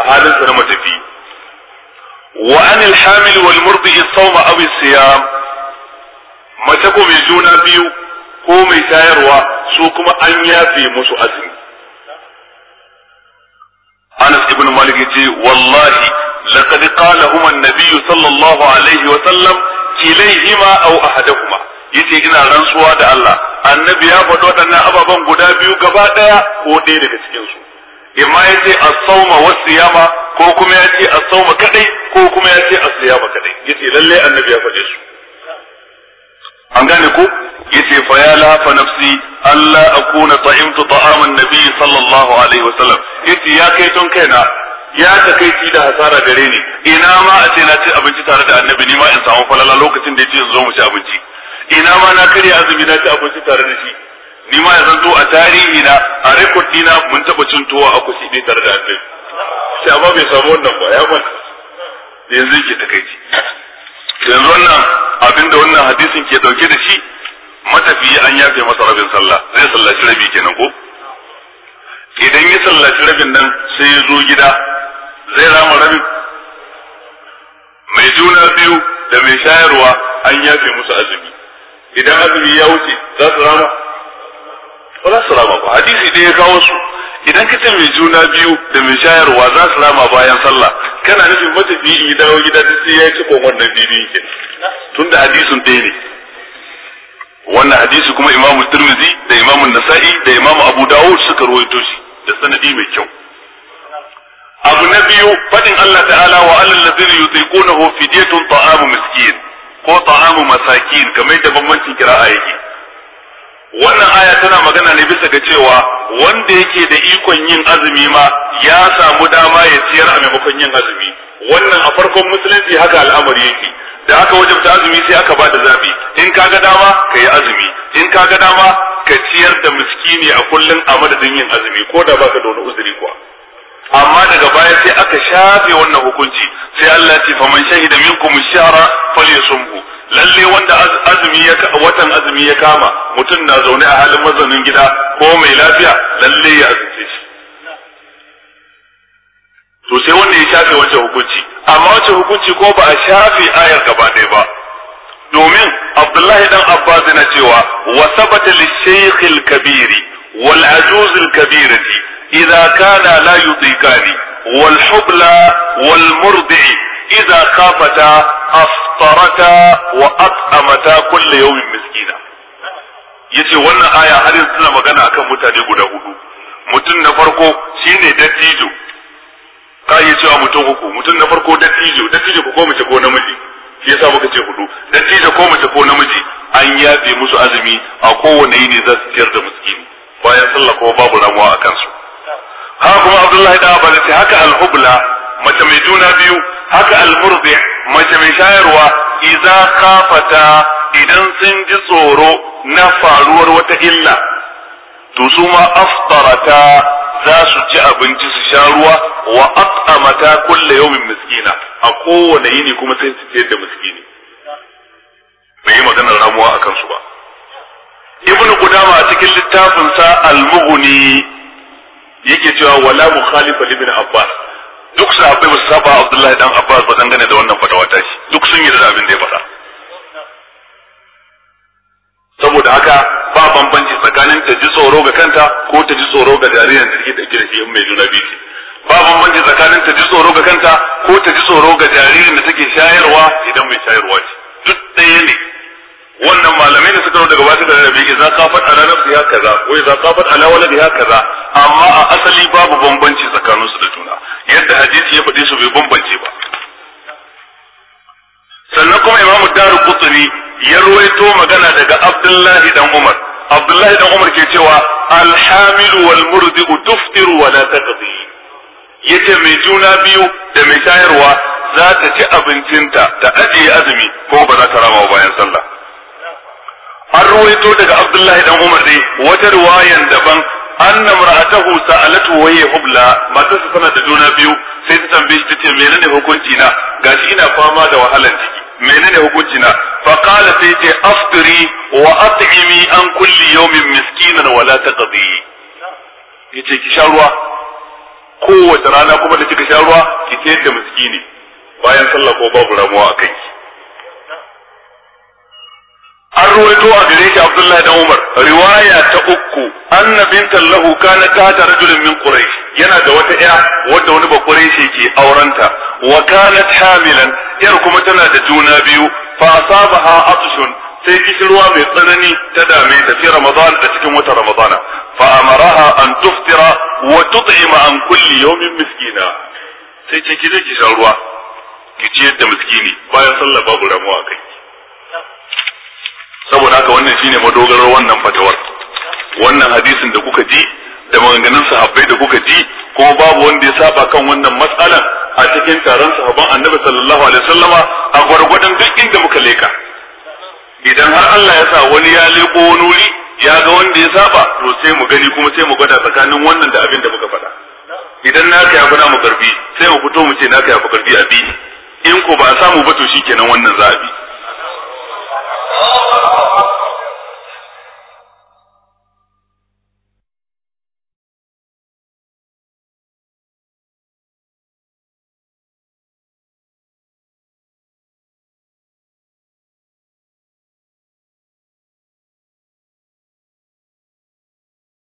Speaker 2: a halin sa na matafi wa anil hamil wal murdi sawma aw siyam mace ko mai juna biyu ko mai tayarwa su kuma an yafe musu azumi Anas ibn Malik yace wallahi laqad qala huma an-nabiy sallallahu alaihi wa sallam yace ina rantsuwa da Allah annabi ya faɗi waɗannan ababen guda biyu gaba ɗaya ko ɗaya daga cikin su imma yace as-sawma was-siyama ko kuma yace as-sawma kadai ko kuma yace as-siyama kadai yace lalle annabi ya faɗe su an gane ko yace fa ya lafa nafsi alla akuna ta'imtu ta'aman nabi sallallahu alaihi wasallam yace ya kai ton kaina ya takaici da hasara gare ni ina ma a ce na ci abinci tare da annabi ni ma in samu falala lokacin da yace zo mu ci abinci ina ma na karya azumi na ci abinci tare da shi ni ma yanzu zo a tarihi na a rekord dina mun taba cin tuwo a kusi ne tare da annabi sai amma bai samu wannan ba ya ban yanzu ke takaici yanzu wannan abin da wannan hadisin ke dauke da shi matafiyi an yafe masa rabin sallah zai sallaci rabi kenan ko idan ya sallaci rabin nan sai ya zo gida zai rama rabin mai juna biyu da mai shayarwa an yafe musu azumi idan azumi ya wuce za su rama ba za su rama ba hadisi dai ya kawo su idan ka ce mai juna biyu da mai shayarwa za su rama bayan sallah kana nufin matafiyi dawo gida ta sai ya ci ko wannan bibin ke tun da hadisin ɗaya ne wannan hadisi kuma imamu tirmizi da imamu nasa'i da imamu abu dawud suka rawaito shi da sanadi mai kyau abu na biyu fadin Allah ta'ala wa alal ladzina yutiqunahu fidyatun ta'amu miskin ko ta'amu masakin kamar da bambancin kira'a yake wannan aya tana magana ne bisa ga cewa wanda yake da ikon yin azumi ma ya samu dama ya ciyar a maimakon yin azumi wannan a farkon musulunci haka al'amari yake da aka wajabta azumi sai aka bada zabi in ka ga dama ka yi azumi in ka ga dama ka ciyar da miskini a kullum a madadin yin azumi ko da baka da wani uzuri kuwa amma daga baya sai aka shafe wannan hukunci sai Allah ce faman shahida minkum shara falyasumhu lalle wanda azumi ya watan azumi ya kama mutum na zaune a halin mazaunin gida ko mai lafiya lalle ya azumce shi to sai wanda ya shafe wancan hukunci amma wancan hukunci ko ba a shafe ayar gaba ɗaya ba domin Abdullahi dan Abbas yana cewa wa sabata lishaykh al-kabir wal ajuz al-kabir idza kana la yudikani wal hubla wal murdi idza khafata aftarata wa at'amata kull yawm miskina yace wannan aya har yanzu tana magana akan mutane guda hudu mutum na farko shine dattijo ka iya cewa mutum uku mutum na farko dattijo dattijo ko mace ko namiji shi yasa muka ce hudu dattijo ko mace ko namiji an yafe musu azumi a kowane yini za su ciyar da miskini bayan sallah ko babu ramuwa a kansu ha kuma abdullahi da abbas ce haka alhubla mace mai juna biyu haka almurdi mace mai shayarwa idza khafata idan sun ji tsoro na faruwar wata illa to su ma aftarata za su ci abinci sha ruwa wa at'amata kulla yawmin miskina a kowane yini kuma sai su ce da miskini bai yi ramuwa akan su ba ibnu qudama a cikin littafin sa al-mughni yake cewa wala mukhalifa ibn abbas duk sahabbai ba su saba abdullahi dan abbas ba gane da wannan fatawa ta shi duk sun yi da abin da ya faɗa saboda haka ba bambanci tsakanin ta ji tsoro ga kanta ko ta ji tsoro ga jaririn da take dauke da shi mai juna biyu ba bambanci tsakanin ta ji tsoro ga kanta ko ta ji tsoro ga jaririn da take shayarwa idan mai shayarwa ce duk ɗaya ne wannan malamai da suka zo daga basu da rabi idza qafat ala ya kaza wa idza qafat ala ya kaza amma a asali babu bambanci tsakanin su da juna yadda hadisi ya faɗi su bai bambance ba sannan kuma imamu daru kuturi ya ruwaito magana daga abdullahi dan umar Abdullahi dan Umar ke cewa alhamilu wal murdi'u tuftiru wa la taqdi yace mai juna biyu da mai shayarwa za ta ci abincinta ta ajiye azumi ko ba za ta rama bayan sallah an ruwaito daga Abdullahi dan Umar dai wata riwayan daban anna mar'atahu sa'alatu wa hubla matarsa tana da juna biyu sai ta tambaye shi tace menene hukunci na gashi ina fama da wahalar ciki menene hukunci na فقال سيتي أفطري وأطعمي عن كل يوم مسكينا ولا تقضي yace ki sha ruwa kowace rana kuma da kika sha ruwa ki sayar da miskini bayan sallah ko babu ramuwa a kai an ruwaito a gare shi Abdullahi dan Umar riwaya ta uku annabin tallahu kana ta ta rajulin min quraish yana da wata ya wanda wani ba quraishi ke aurenta wa kanat hamilan yar kuma tana da juna biyu fa asabaha atshun sai kishirwa mai tsanani ta dame ta fi ramadan a cikin wata ramadana fa amaraha an tuftira wa tut'ima an kulli yawmin miskina sai ce ki ki sha ruwa ki ciyar da miskini bayan sallah babu ramuwa kai saboda haka wannan shine madogarar wannan fatawar wannan hadisin da kuka ji da maganganun sahabbai da kuka ji kuma babu wanda ya saba kan wannan matsalan a cikin taron sahabban annabi sallallahu alaihi wasallama a gwargwadon duk inda muka leka idan har Allah ya sa wani ya leko wani wuri ya ga wanda ya saba to sai mu gani kuma sai mu gwada tsakanin wannan da abin da muka faɗa idan naka ya fi mu karfi sai mu fito mu ce naka ya fi karfi a bi in ko ba samu ba to shikenan
Speaker 1: wannan za a bi